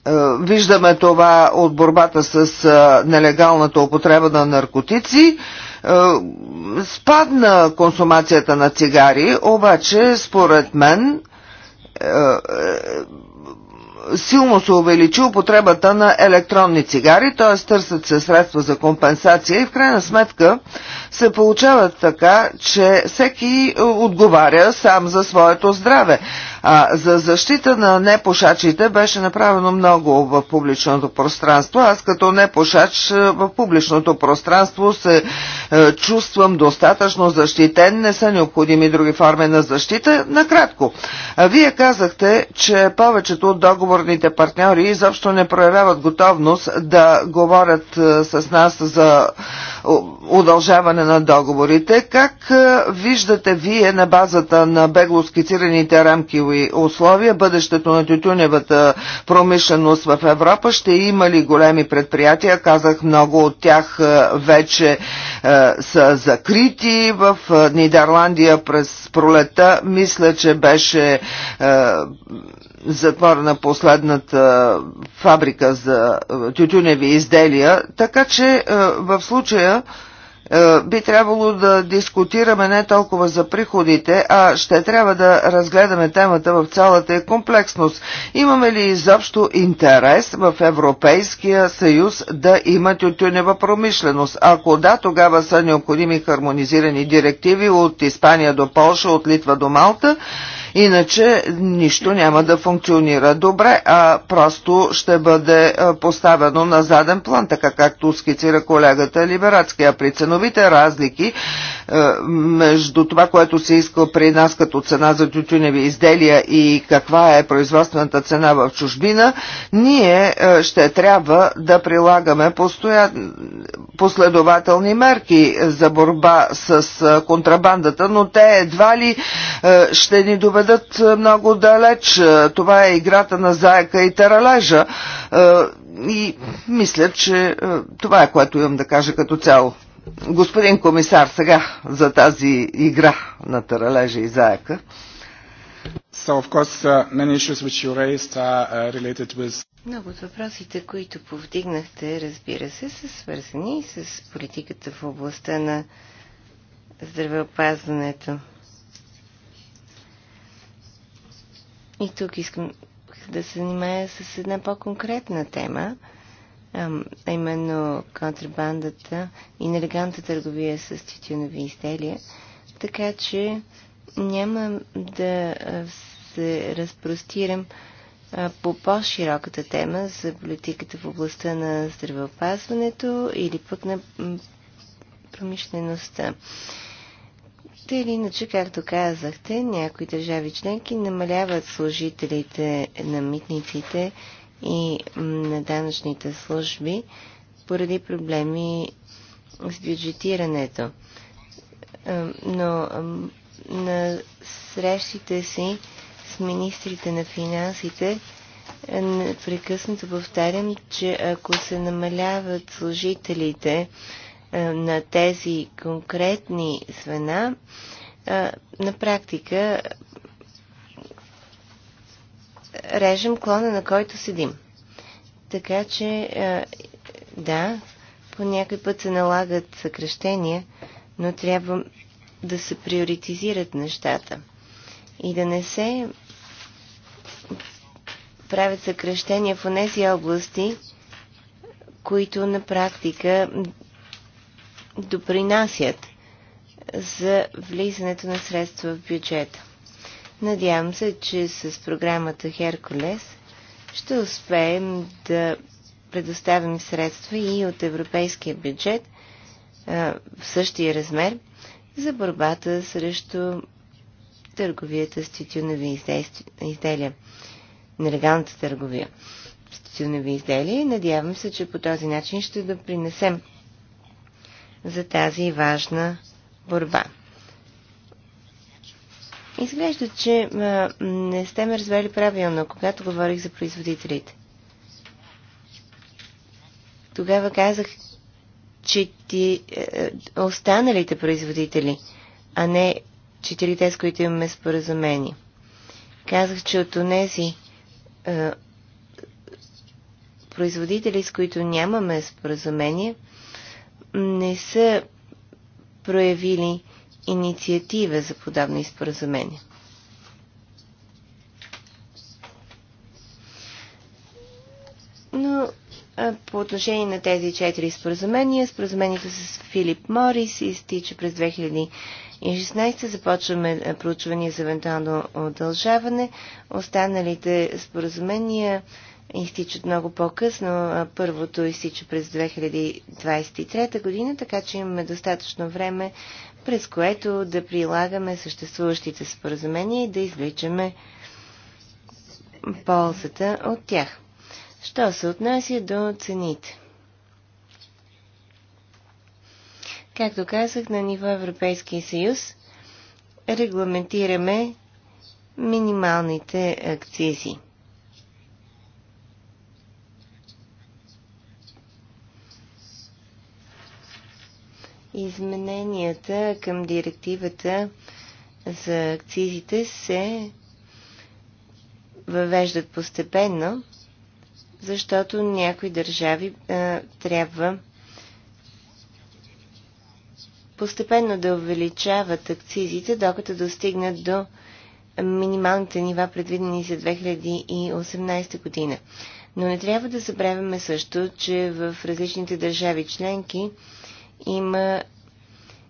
Е, виждаме това от борбата с е, нелегалната употреба на наркотици. Е, спадна консумацията на цигари, обаче според мен силно се увеличи употребата на електронни цигари, т.е. търсят се средства за компенсация и в крайна сметка се получава така, че всеки отговаря сам за своето здраве. А, за защита на непушачите беше направено много в публичното пространство. Аз като непушач в публичното пространство се е, чувствам достатъчно защитен, не са необходими други форми на защита. Накратко, вие казахте, че повечето от договорните партньори изобщо не проявяват готовност да говорят с нас за удължаване на договорите. Как е, виждате вие на базата на бегло скицираните рамки условия бъдещето на тютюневата промишленост в Европа? Ще има ли големи предприятия? Казах, много от тях е, вече е, са закрити. В Нидерландия през пролета мисля, че беше затвора на последната фабрика за е, тютюневи изделия, така че е, в случая е, би трябвало да дискутираме не толкова за приходите, а ще трябва да разгледаме темата в цялата е комплексност. Имаме ли изобщо интерес в Европейския съюз да има тютюнева промишленост? Ако да, тогава са необходими хармонизирани директиви от Испания до Полша, от Литва до Малта Иначе нищо няма да функционира добре, а просто ще бъде поставено на заден план, така както скицира колегата Либератски. А При ценовите разлики между това, което се иска при нас като цена за тютюневи изделия и каква е производствената цена в чужбина, ние ще трябва да прилагаме постоя... последователни мерки за борба с контрабандата, но те едва ли ще ни доведат гледат е, много далеч. Е, това е играта на заека и таралежа. Е, и мисля, че това е което имам да кажа като цяло. Господин комисар, сега за тази игра на таралежа и заека. So, of course, uh, many issues which you raised are uh, related with... Много от въпросите, които повдигнахте, разбира се, са свързани с политиката в областта на здравеопазването. И тук искам да се занимая с една по-конкретна тема, а именно контрабандата и нелегантната търговия с титюнови изделия. Така че няма да се разпростирам по по-широката тема за политиката в областта на здравеопазването или пък на промишлеността. Те или иначе, както казахте, някои държави членки намаляват служителите на митниците и на данъчните служби поради проблеми с бюджетирането. Но на срещите си с министрите на финансите е, прекъснато повтарям, че ако се намаляват служителите, е, на тези конкретни звена е, на практика режем клона, на който седим. Така че, е, да, по някой път се налагат съкрещения, но трябва да се приоритизират нещата и да не се правят съкрещения в тези области, които на практика допринасят за влизането на средства в бюджета. Надявам се, че с програмата Херкулес ще успеем да предоставим средства и от европейския бюджет в същия размер за борбата срещу търговията с тютюнови изделия, нелегалната търговия с тютюнови изделия. Надявам се, че по този начин ще допринесем за тази важна борба. Изглежда, че а, не сте ме развели правилно, когато говорих за производителите. Тогава казах, че ти, е, е останалите производители, а не четирите, с които имаме споразумени. Казах, че от онези е, производители, с които нямаме споразумение, не са проявили инициатива за подобни споразумения. Но по отношение на тези четири споразумения, споразумението с Филип Морис изтича през 2016. Започваме проучвания за евентуално удължаване. Останалите споразумения изтичат много по-късно. Първото изтича през 2023 година, така че имаме достатъчно време, през което да прилагаме съществуващите споразумения и да извличаме ползата от тях. Що се отнася до цените? Както казах, на ниво Европейския съюз регламентираме минималните акцизи. измененията към директивата за акцизите се въвеждат постепенно, защото някои държави а, трябва постепенно да увеличават акцизите, докато достигнат до минималните нива, предвидени за 2018 година. Но не трябва да забравяме също, че в различните държави членки има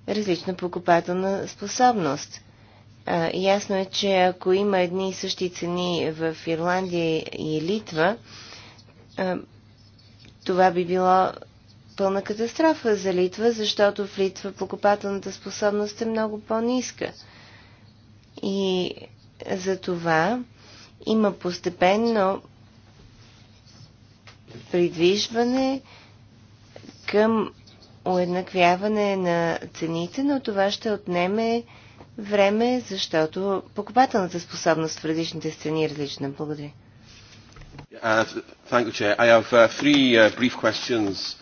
различна покупателна способност. А, ясно е, че ако има едни и същи цени в Ирландия и Литва, а, това би било пълна катастрофа за Литва, защото в Литва покупателната способност е много по-ниска. И за това има постепенно придвижване към уеднаквяване на цените, но това ще отнеме време, защото покупателната способност в различните страни е различна. Благодаря. Uh, uh, uh,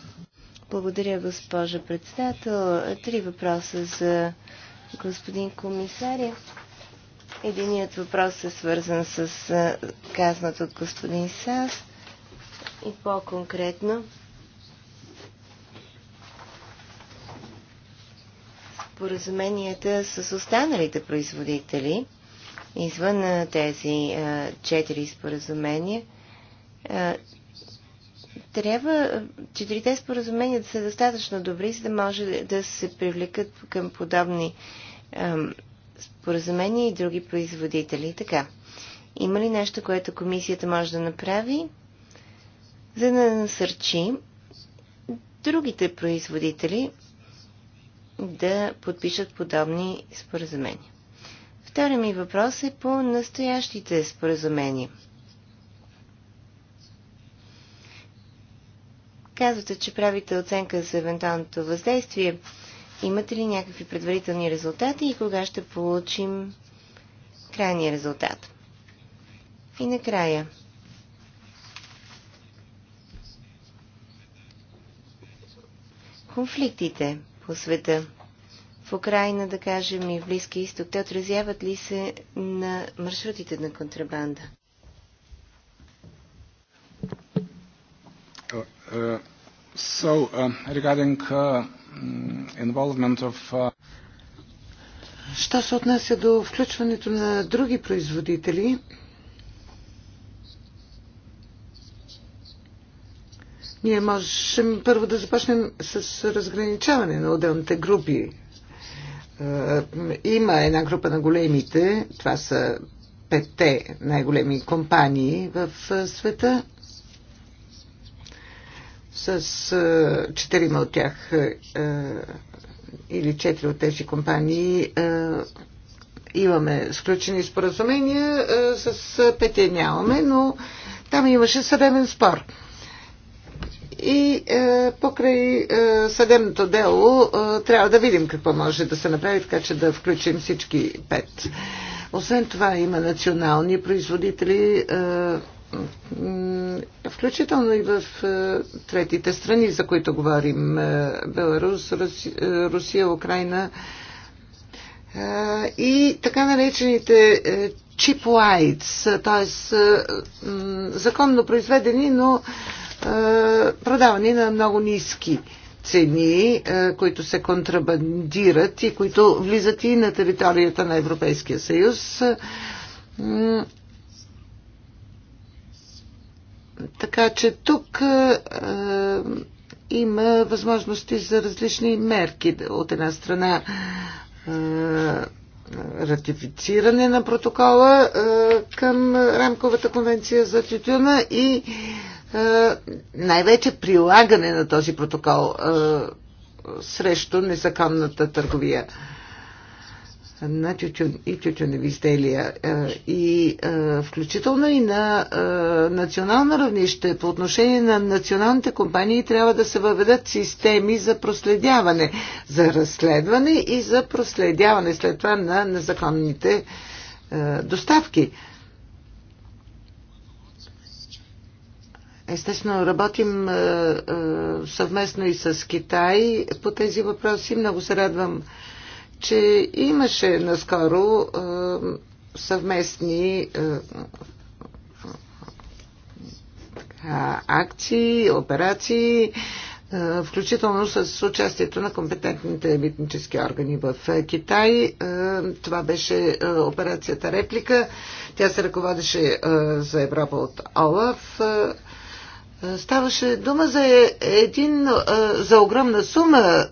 Благодаря, госпожа председател. Три въпроса за господин комисаря. Единият въпрос е свързан с казната от господин Сас и по-конкретно споразуменията с останалите производители, извън тези четири споразумения, трябва четирите споразумения да са достатъчно добри, за да може да се привлекат към подобни споразумения и други производители. Така. Има ли нещо, което комисията може да направи, за да насърчи другите производители да подпишат подобни споразумения. Втори ми въпрос е по настоящите споразумения. Казвате, че правите оценка за евентуалното въздействие. Имате ли някакви предварителни резултати и кога ще получим крайния резултат? И накрая. Конфликтите по света. В Украина, да кажем, и в Близки изток, те отразяват ли се на маршрутите на контрабанда? Uh, uh, so, uh, regarding uh, mm, involvement of uh... Що се отнася до включването на други производители, Ние можем първо да започнем с разграничаване на отделните групи. Е, има една група на големите, това са петте най-големи компании в е, света, с е, четирима от тях или четири от тези компании имаме сключени споразумения, с петия нямаме, но там имаше съдебен спор и е, покрай е, съдебното дело е, трябва да видим какво може да се направи, така че да включим всички пет. Освен това има национални производители, е, включително и в е, третите страни, за които говорим. Е, Беларус, Руси, е, Русия, Украина е, и така наречените е, т.е. Е, законно произведени, но е, продавани на много ниски цени, е, които се контрабандират и които влизат и на територията на Европейския съюз. Така че тук е, има възможности за различни мерки. От една страна ратифициране на протокола към рамковата конвенция за тютюна и най-вече прилагане на този протокол срещу незаконната търговия на тютюн и тютюневи изделия и включително и на национално равнище по отношение на националните компании трябва да се въведат системи за проследяване, за разследване и за проследяване след това на незаконните доставки. Естествено, работим е, е, съвместно и с Китай по тези въпроси. Много се радвам, че имаше наскоро е, съвместни акции, операции, включително с участието на компетентните митнически органи в Китай. Това беше операцията Реплика. Тя се ръководеше за Европа от ОЛАФ. Ставаше дума за един, за огромна сума,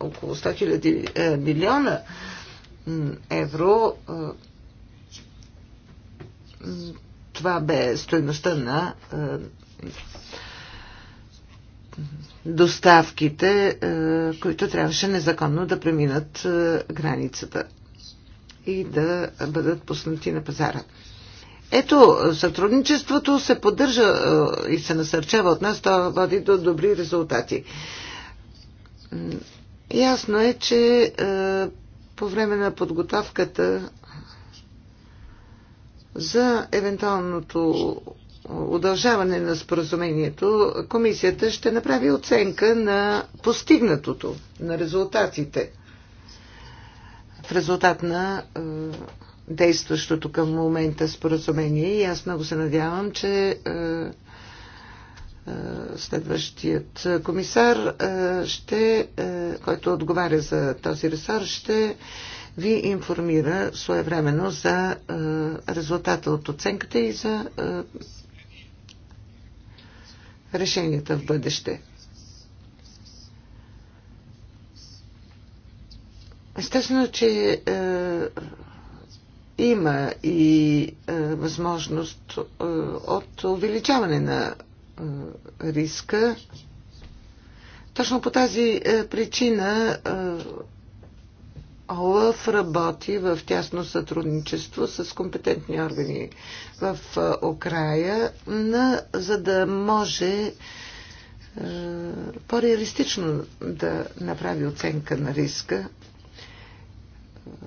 около 100 хиляди милиона евро. Това бе стоеността на доставките, които трябваше незаконно да преминат границата и да бъдат пуснати на пазара. Ето, сътрудничеството се поддържа е, и се насърчава от нас, това води до добри резултати. Ясно е, че е, по време на подготовката за евентуалното удължаване на споразумението, комисията ще направи оценка на постигнатото, на резултатите в резултат на е, действащото към момента споразумение и аз много се надявам, че е, е, следващият комисар, е, ще, който отговаря за този ресор, ще ви информира своевременно за резултата от оценката и за решенията в бъдеще. Естествено, че има и е, възможност е, от увеличаване на е, риска. Точно по тази е, причина е, ОЛАФ работи в тясно сътрудничество с компетентни органи в е, Украя, на, за да може е, по-реалистично да направи оценка на риска е,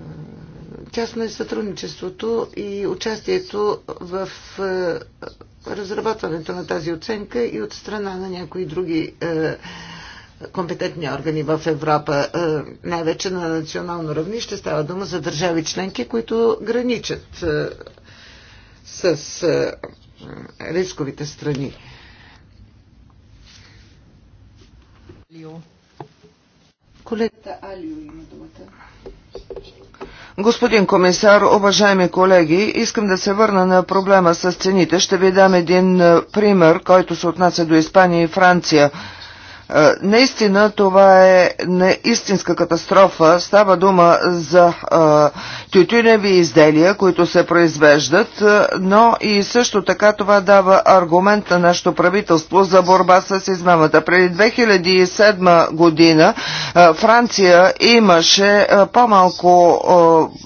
Тясно е сътрудничеството и участието в е, разработването на тази оценка и от страна на някои други е, компетентни органи в Европа, е, най-вече на национално равнище, става дума за държави членки, които граничат с рисковите страни. Колегата Алио има думата. Господин комисар, уважаеми колеги, искам да се върна на проблема с цените. Ще ви дам един е, пример, който се отнася до Испания и Франция. Е, наистина това е не истинска катастрофа. Става дума за е, тютюневи изделия, които се произвеждат, е, но и също така това дава аргумент на нашето правителство за борба с измамата. Преди 2007 година Франция имаше по-малко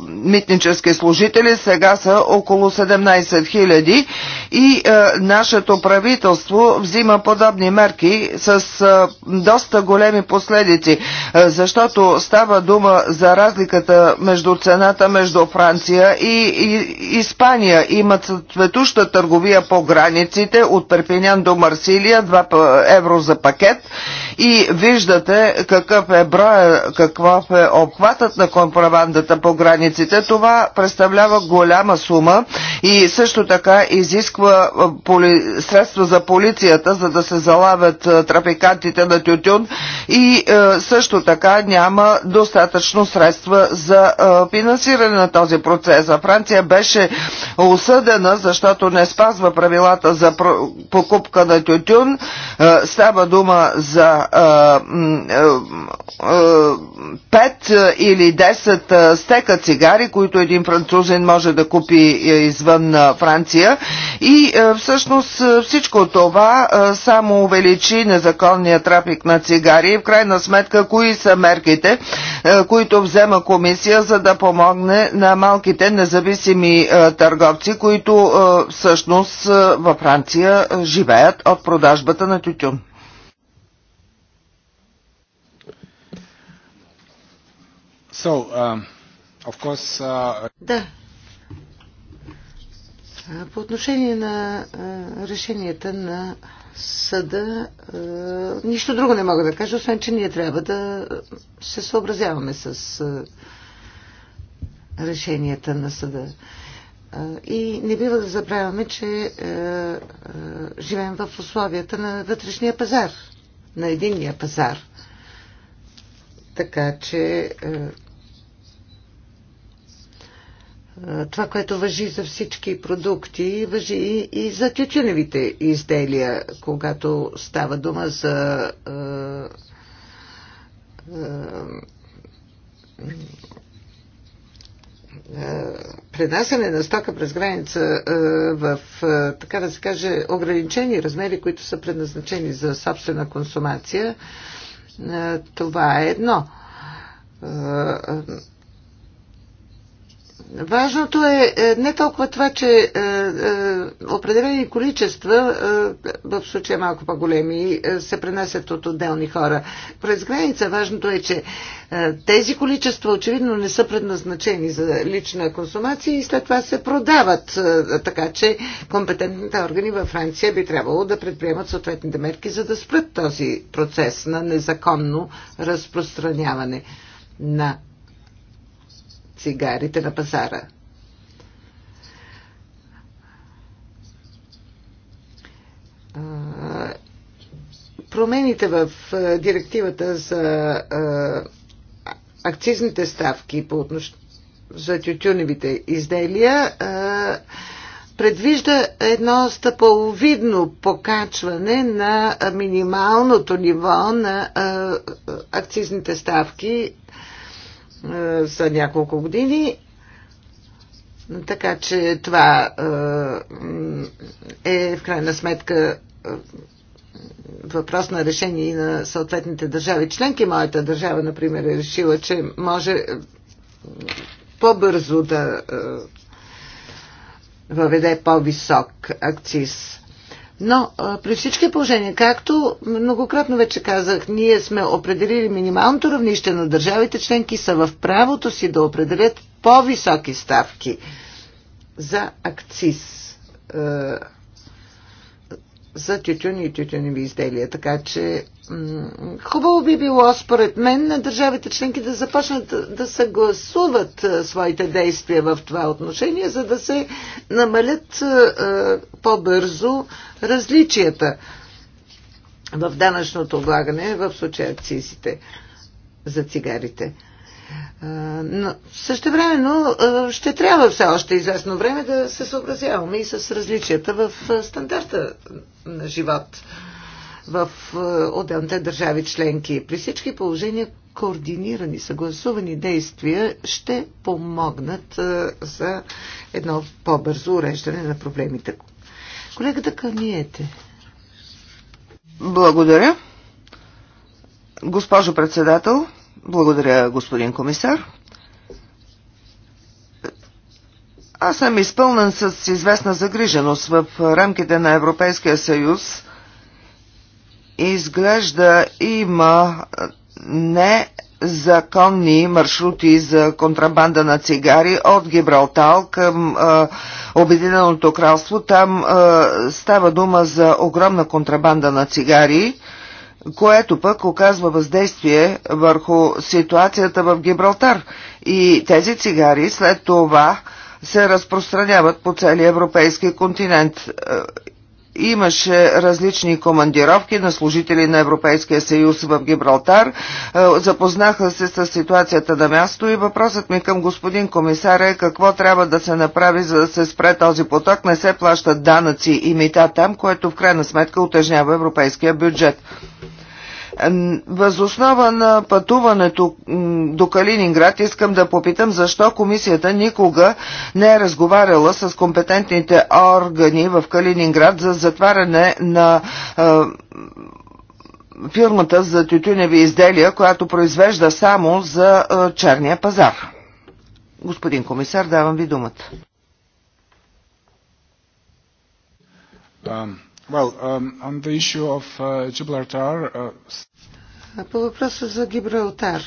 митнически служители, сега са около 17 хиляди и нашето правителство взима подобни мерки с доста големи последици, е, защото става дума за разликата между цената между Франция и, Испания. Имат цветуща търговия по границите от Перпинян до Марсилия, 2 евро за пакет и виждате какъв е броя, какъв е обхватът на контрабандата по границите. Това представлява голяма сума и също така изисква поли... средства за полицията, за да се залавят трафикантите на тютюн и също така няма достатъчно средства за финансиране на този процес. А Франция беше осъдена, защото не спазва правилата за покупка на тютюн. Става дума за 5 или 10 стека цигари, които един французин може да купи е, извън Франция. И всъщност всичко това само увеличи незаконния трафик на цигари. В крайна сметка, кои са мерките, които взема комисия, за да помогне на малките независими търговци, които всъщност във Франция живеят от продажбата на тютюн? So, um, of course, uh... Да. По отношение на решенията на съда, нищо друго не мога да кажа, освен, че ние трябва да се съобразяваме с решенията на съда. И не бива да забравяме, че живеем в условията на вътрешния пазар, на единния пазар. Така че това, което въжи за всички продукти, въжи и, и за тютюневите изделия, когато става дума за е, е, е на стока през граница е, в, е, така да се каже, ограничени размери, които са предназначени за собствена консумация, това е едно. Важното е, е не толкова това, че е, е, определени количества, в случая малко по-големи, се пренасят от отделни хора през граница. Важното е, че тези количества очевидно не са предназначени за лична консумация и след това се продават. Така че компетентните органи във Франция би трябвало да предприемат съответните мерки, за да спрат този процес на незаконно разпространяване на цигарите на пазара. промените в директивата за акцизните ставки по отнош... за тютюневите изделия предвижда едно стъпаловидно покачване на минималното ниво на акцизните ставки е, за няколко години. Така че това е, е в крайна сметка е, въпрос на решение и на съответните държави членки. Моята държава, например, е решила, че може по-бързо да въведе по-висок акциз. Но при всички положения, както многократно вече казах, ние сме определили минималното равнище, но държавите членки са в правото си да определят по-високи ставки за акциз за тютюн и тютюневи изделия. Така че хубаво би било, според мен, на държавите членки да започнат да съгласуват своите действия в това отношение, за да се намалят по-бързо различията в данъчното облагане, в случая акцизите за цигарите. Но но ще трябва все още известно време да се съобразяваме и с различията в стандарта на живот в отделните държави членки. При всички положения координирани, съгласувани действия ще помогнат за едно по-бързо уреждане на проблемите. Колегата Камиете. Благодаря. Госпожо председател, благодаря, господин комисар. Аз съм изпълнен с известна загриженост в рамките на Европейския съюз. Изглежда има незаконни маршрути за контрабанда на цигари от Гибралтал към Обединеното кралство. Там става дума за огромна контрабанда на цигари което пък оказва въздействие върху ситуацията в Гибралтар. И тези цигари след това се разпространяват по целия европейски континент. Е, имаше различни командировки на служители на Европейския съюз в Гибралтар. Е, запознаха се с ситуацията на място и въпросът ми към господин комисар е какво трябва да се направи, за да се спре този поток. Не се плащат данъци и мита там, което в крайна сметка утежнява европейския бюджет. Възоснова на пътуването до Калининград искам да попитам защо комисията никога не е разговаряла с компетентните органи в Калининград за затваряне на фирмата за тютюневи изделия, която произвежда само за черния пазар. Господин комисар, давам ви думата. Um, well, um, on the issue of uh, Gibraltar, uh... По въпроса за Гибралтар,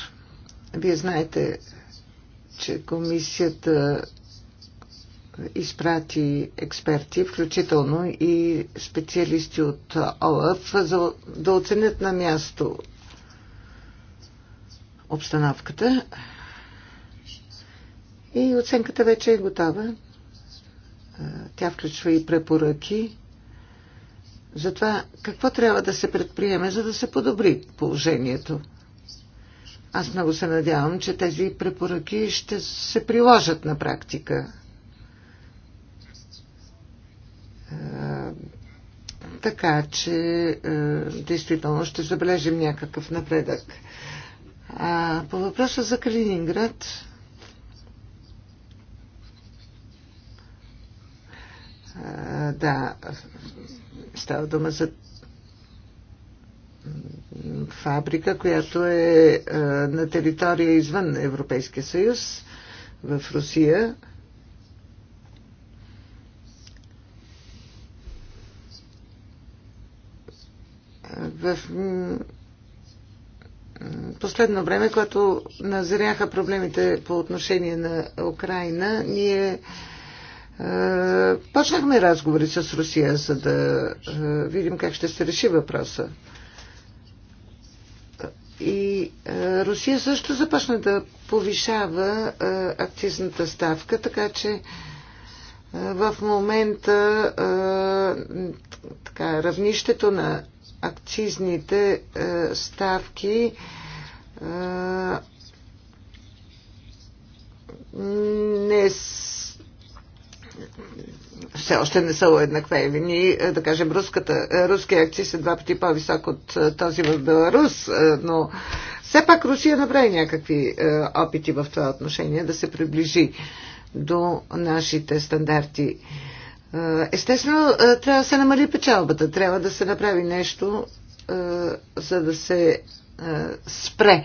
вие знаете, че комисията изпрати експерти, включително и специалисти от ОЛАФ, за да оценят на място обстановката. И оценката вече е готова. Тя включва и препоръки за това какво трябва да се предприеме, за да се подобри положението. Аз много се надявам, че тези препоръки ще се приложат на практика. Е, така че е, действително ще забележим някакъв напредък. А, по въпроса за Калининград, да, става дума за фабрика, която е на територия извън Европейския съюз, в Русия. В последно време, когато назряха проблемите по отношение на Украина, ние е, почнахме разговори с Русия, за да е, видим как ще се реши въпроса. И е, Русия също започна да повишава акцизната ставка, така че в момента така, равнището на акцизните ставки не са все още не са уеднаквени. Е, да кажем, руската, руския акциз е два пъти по-висок от е, този в Беларус, е, но все пак Русия направи някакви опити в това отношение да се приближи до нашите стандарти. Естествено, трябва да се намали печалбата, трябва да се направи нещо, за да се спре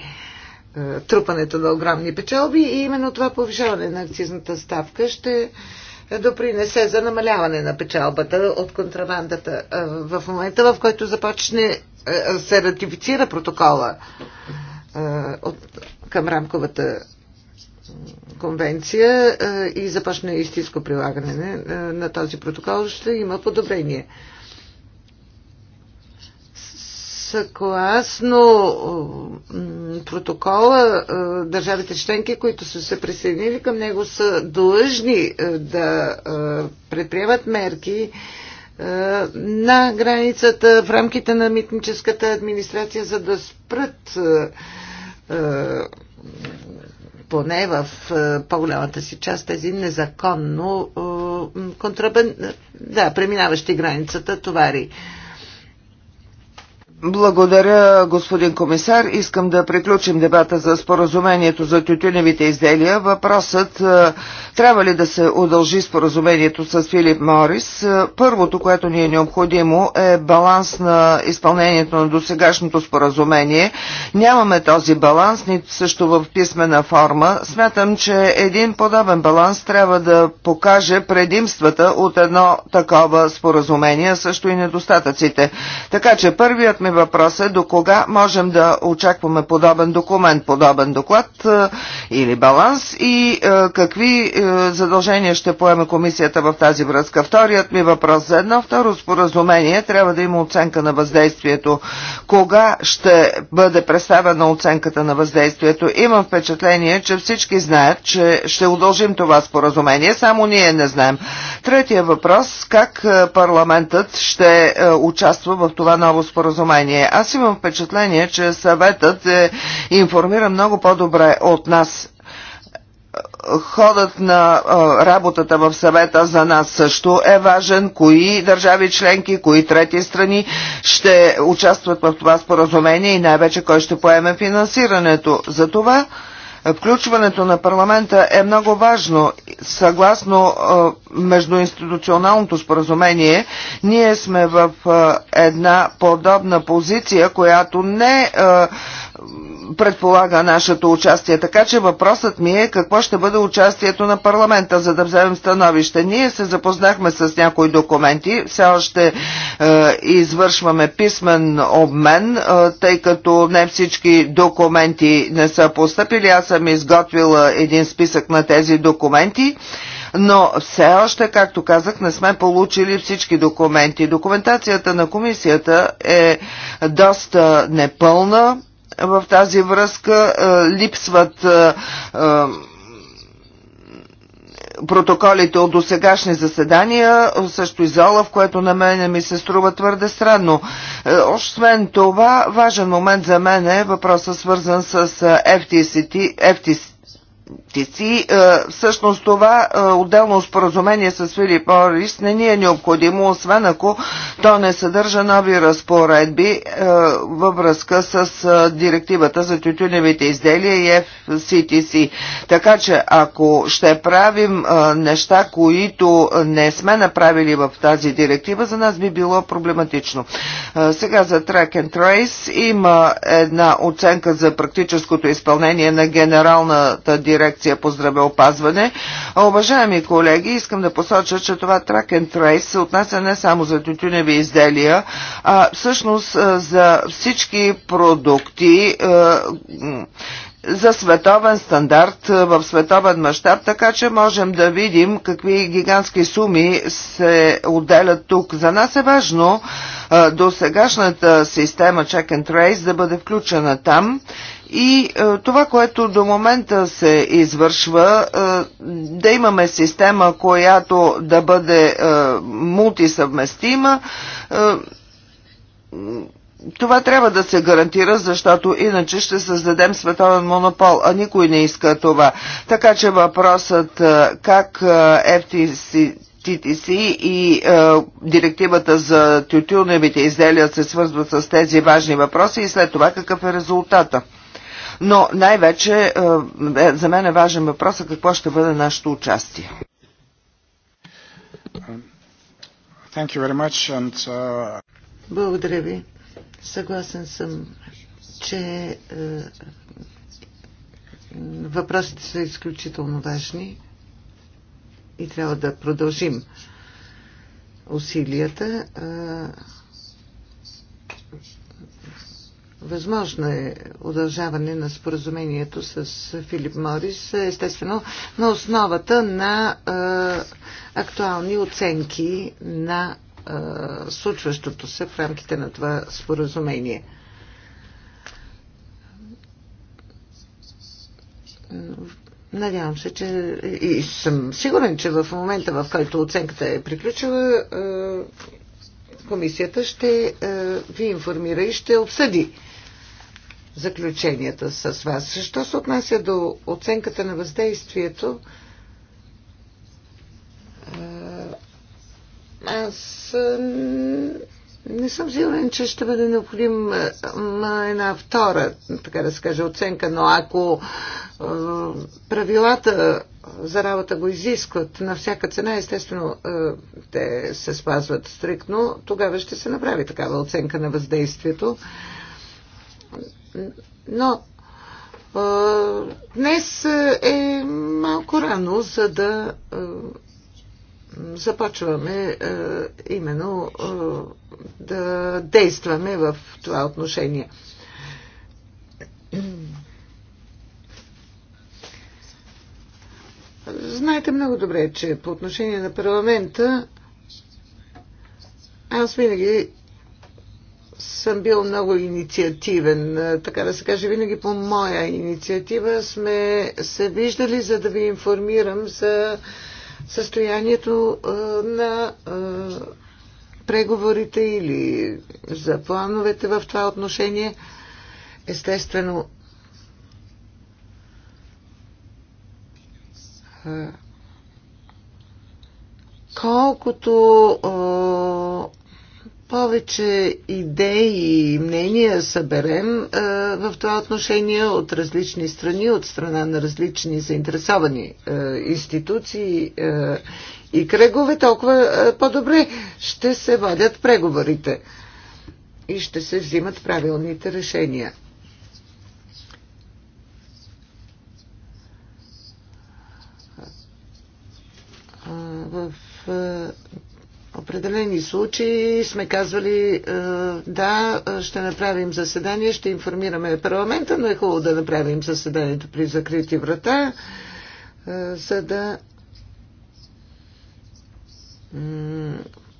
трупането на огромни печалби и именно това повишаване на акцизната ставка ще допринесе за намаляване на печалбата от контрабандата. В момента, в който започне се ратифицира протокола от, към рамковата конвенция и започне истинско прилагане на този протокол, ще има подобрение. Съгласно протокола, държавите членки, които са се присъединили към него, са длъжни да предприемат мерки на границата в рамките на митническата администрация, за да спрат поне в по-голямата си част тези незаконно контрабен... да, преминаващи границата товари. Благодаря, господин комисар. Искам да приключим дебата за споразумението за тютюневите изделия. Въпросът е, трябва ли да се удължи споразумението с Филип Морис? Е, първото, което ни е необходимо е баланс на изпълнението на досегашното споразумение. Нямаме този баланс, нито също в писмена форма. Смятам, че един подобен баланс трябва да покаже предимствата от едно такова споразумение, също и недостатъците. Така че първият ми ми въпрос е до кога можем да очакваме подобен документ, подобен доклад е, или баланс и е, какви е, задължения ще поеме комисията в тази връзка. Вторият ми въпрос за едно второ споразумение трябва да има оценка на въздействието. Кога ще бъде представена оценката на въздействието? Имам впечатление, че всички знаят, че ще удължим това споразумение, само ние не знаем. Третия въпрос, как парламентът ще участва в това ново споразумение? внимание. Аз имам впечатление, че съветът е информира много по-добре от нас ходът на работата в съвета за нас също е важен. Кои държави членки, кои трети страни ще участват в това споразумение и най-вече кой ще поеме финансирането. За това Включването на парламента е много важно. Съгласно междуинституционалното споразумение, ние сме в една подобна позиция, която не предполага нашето участие. Така че въпросът ми е какво ще бъде участието на парламента, за да вземем становище. Ние се запознахме с някои документи, все още е, извършваме писмен обмен, е, тъй като не всички документи не са поступили. Аз съм изготвила един списък на тези документи но все още, както казах, не сме получили всички документи. Документацията на комисията е доста непълна в тази връзка е, липсват е, е, протоколите от досегашни заседания, също и зала, в което на мене ми се струва твърде странно. Освен това, важен момент за мен е въпросът свързан с FTC, FTC, политици. Е, всъщност това е, отделно споразумение с Филип Орис не ни е необходимо, освен ако то не съдържа нови разпоредби е, във връзка с директивата за тютюневите изделия и FCTC. Така че ако ще правим неща, които не сме направили в тази директива, за нас би било проблематично. Сега за Track and Trace има една оценка за практическото изпълнение на генералната директива дирекция по здравеопазване. Уважаеми колеги, искам да посоча, че това track and trace се отнася не само за тютюневи изделия, а всъщност за всички продукти, за световен стандарт в световен мащаб, така че можем да видим какви гигантски суми се отделят тук. За нас е важно до сегашната система Check and Trace да бъде включена там и е, това, което до момента се извършва, е, да имаме система, която да бъде е, мултисъвместима, е, това трябва да се гарантира, защото иначе ще създадем световен монопол, а никой не иска това. Така че въпросът е, как е, FTC TTC и е, директивата за тютюневите изделия се свързват с тези важни въпроси и след това какъв е резултата но най-вече е, е, за мен е важен въпрос е какво ще бъде нашето участие. Thank you very much and, uh... Благодаря ви. Съгласен съм, че е, въпросите са изключително важни и трябва да продължим усилията. Е, Възможно е удължаване на споразумението с Филип Морис, естествено, на основата на е, актуални оценки на е, случващото се в рамките на това споразумение. Надявам се, че и съм сигурен, че в момента, в който оценката е приключила, комисията ще ви информира и ще обсъди заключенията с вас. Що се отнася до оценката на въздействието, аз не съм сигурен, че ще бъде необходим една втора, така да се каже, оценка, но ако правилата за работа го изискват на всяка цена, естествено те се спазват стриктно, тогава ще се направи такава оценка на въздействието. Но днес е малко рано, за да започваме именно да действаме в това отношение. Знаете много добре, че по отношение на парламента аз винаги съм бил много инициативен. Е, така да се каже, винаги по моя инициатива сме се виждали, за да ви информирам за състоянието е, на е, преговорите или за плановете в това отношение. Естествено, колкото повече идеи и мнения съберем в това отношение от различни страни, от страна на различни заинтересовани институции и кръгове, толкова по-добре ще се водят преговорите и ще се взимат правилните решения. в определени случаи сме казвали е, да, е, ще направим заседание, ще информираме парламента, но е хубаво да направим заседанието при закрити врата, е, за да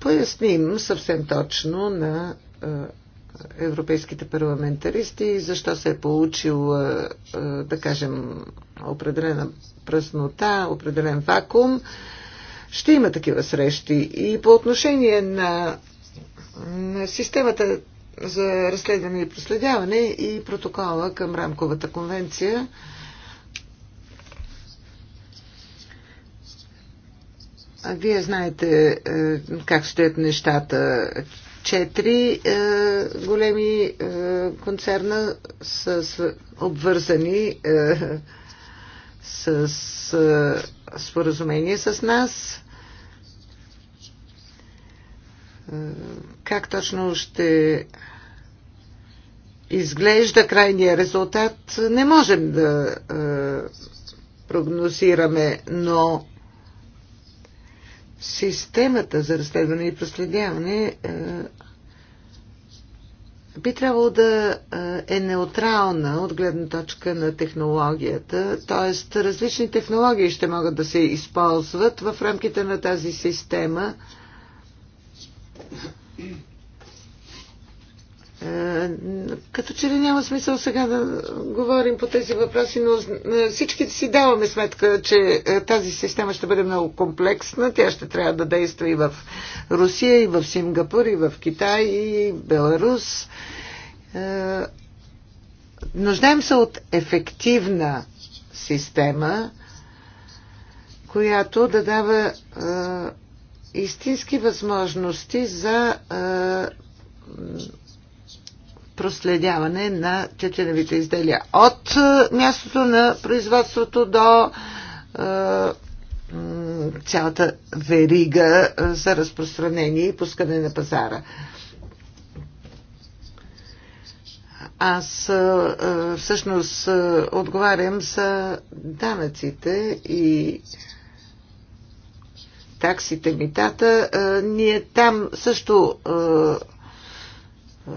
поясним съвсем точно на европейските парламентаристи защо се е получил, да кажем, определена пръснота, определен вакуум ще има такива срещи. И по отношение на, на системата за разследване и проследяване и протокола към рамковата конвенция, А вие знаете е, как стоят нещата. Четири е, големи е, концерна са, са обвързани е, с. Е, споразумение с нас. Е, как точно ще изглежда крайния резултат, не можем да е, прогнозираме, но системата за разследване и проследяване е, би трябвало да е неутрална от гледна точка на технологията, т.е. различни технологии ще могат да се използват в рамките на тази система е, като че ли няма смисъл сега да говорим по тези въпроси, но е, всички си даваме сметка, че е, тази система ще бъде много комплексна. Тя ще трябва да действа и в Русия, и в Сингапур, и в Китай, и Беларус. Нуждаем се от ефективна система, която да дава истински възможности за проследяване на тетеневите изделия от е, мястото на производството до е, цялата верига е, за разпространение и пускане на пазара. Аз всъщност отговарям за данъците и таксите митата. Ние там също е,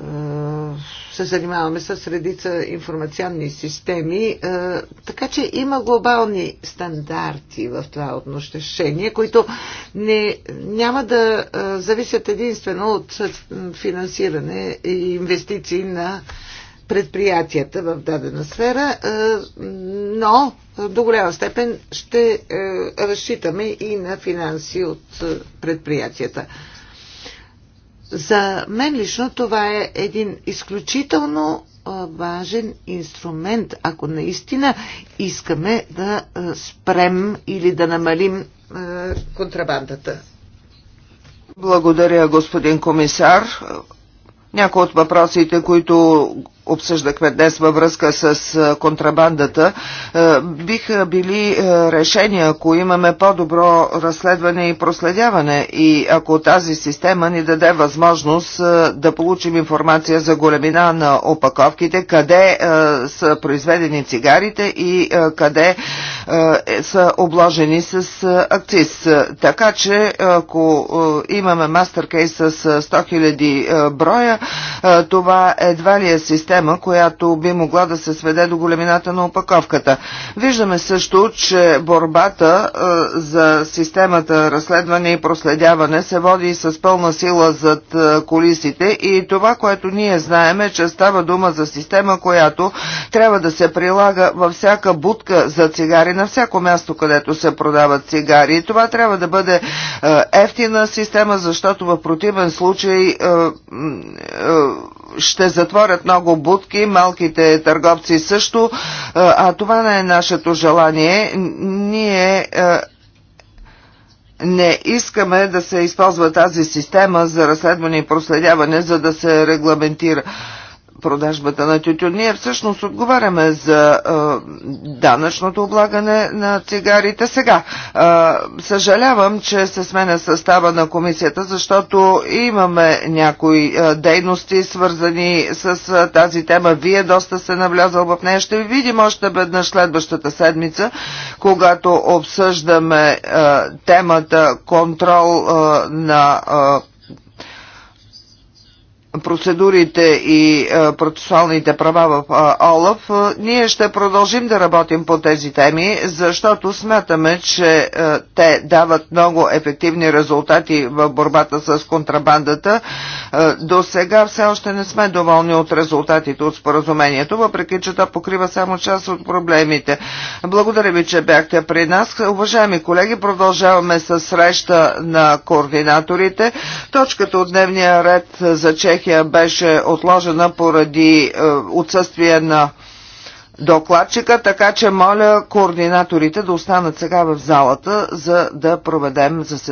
се занимаваме с редица информационни системи, е, така че има глобални стандарти в това отношение, които не, няма да е, зависят единствено от финансиране и инвестиции на предприятията в дадена сфера, но до голяма степен ще разчитаме и на финанси от предприятията. За мен лично това е един изключително важен инструмент, ако наистина искаме да спрем или да намалим контрабандата. Благодаря, господин комисар. Някои от въпросите, които обсъждахме днес във връзка с контрабандата, биха били решения, ако имаме по-добро разследване и проследяване и ако тази система ни даде възможност да получим информация за големина на опаковките, къде са произведени цигарите и къде е, са обложени с акциз. Така че, ако имаме мастеркейс с 100 000 броя, това едва ли е система, система, която би могла да се сведе до големината на опаковката. Виждаме също, че борбата е, за системата разследване и проследяване се води с пълна сила зад е, колисите и това, което ние знаем е, че става дума за система, която трябва да се прилага във всяка будка за цигари, на всяко място, където се продават цигари. И това трябва да бъде е, ефтина система, защото в противен случай ще затворят много будки, малките търговци също, е, а това не е нашето желание. Ние е, не искаме да се използва тази система за разследване и проследяване, за да се регламентира продажбата на тютюн. Ние всъщност отговаряме за а, данъчното облагане на цигарите. Сега, а, съжалявам, че се сменя състава на комисията, защото имаме някои а, дейности, свързани с а, тази тема. Вие доста се навлязал в нея. Ще ви видим още веднъж следващата седмица, когато обсъждаме а, темата контрол а, на а, процедурите и е, процесуалните права в е, ОЛАФ, е, ние ще продължим да работим по тези теми, защото смятаме, че те дават много ефективни резултати в борбата с контрабандата. До сега все още не сме доволни от резултатите от споразумението, въпреки че това покрива само част от проблемите. Благодаря ви, че бяхте при нас. Уважаеми колеги, продължаваме с среща на координаторите. Точката от дневния ред за Чехия Чехия беше отложена поради е, отсъствие на докладчика, така че моля координаторите да останат сега в залата, за да проведем заседанието.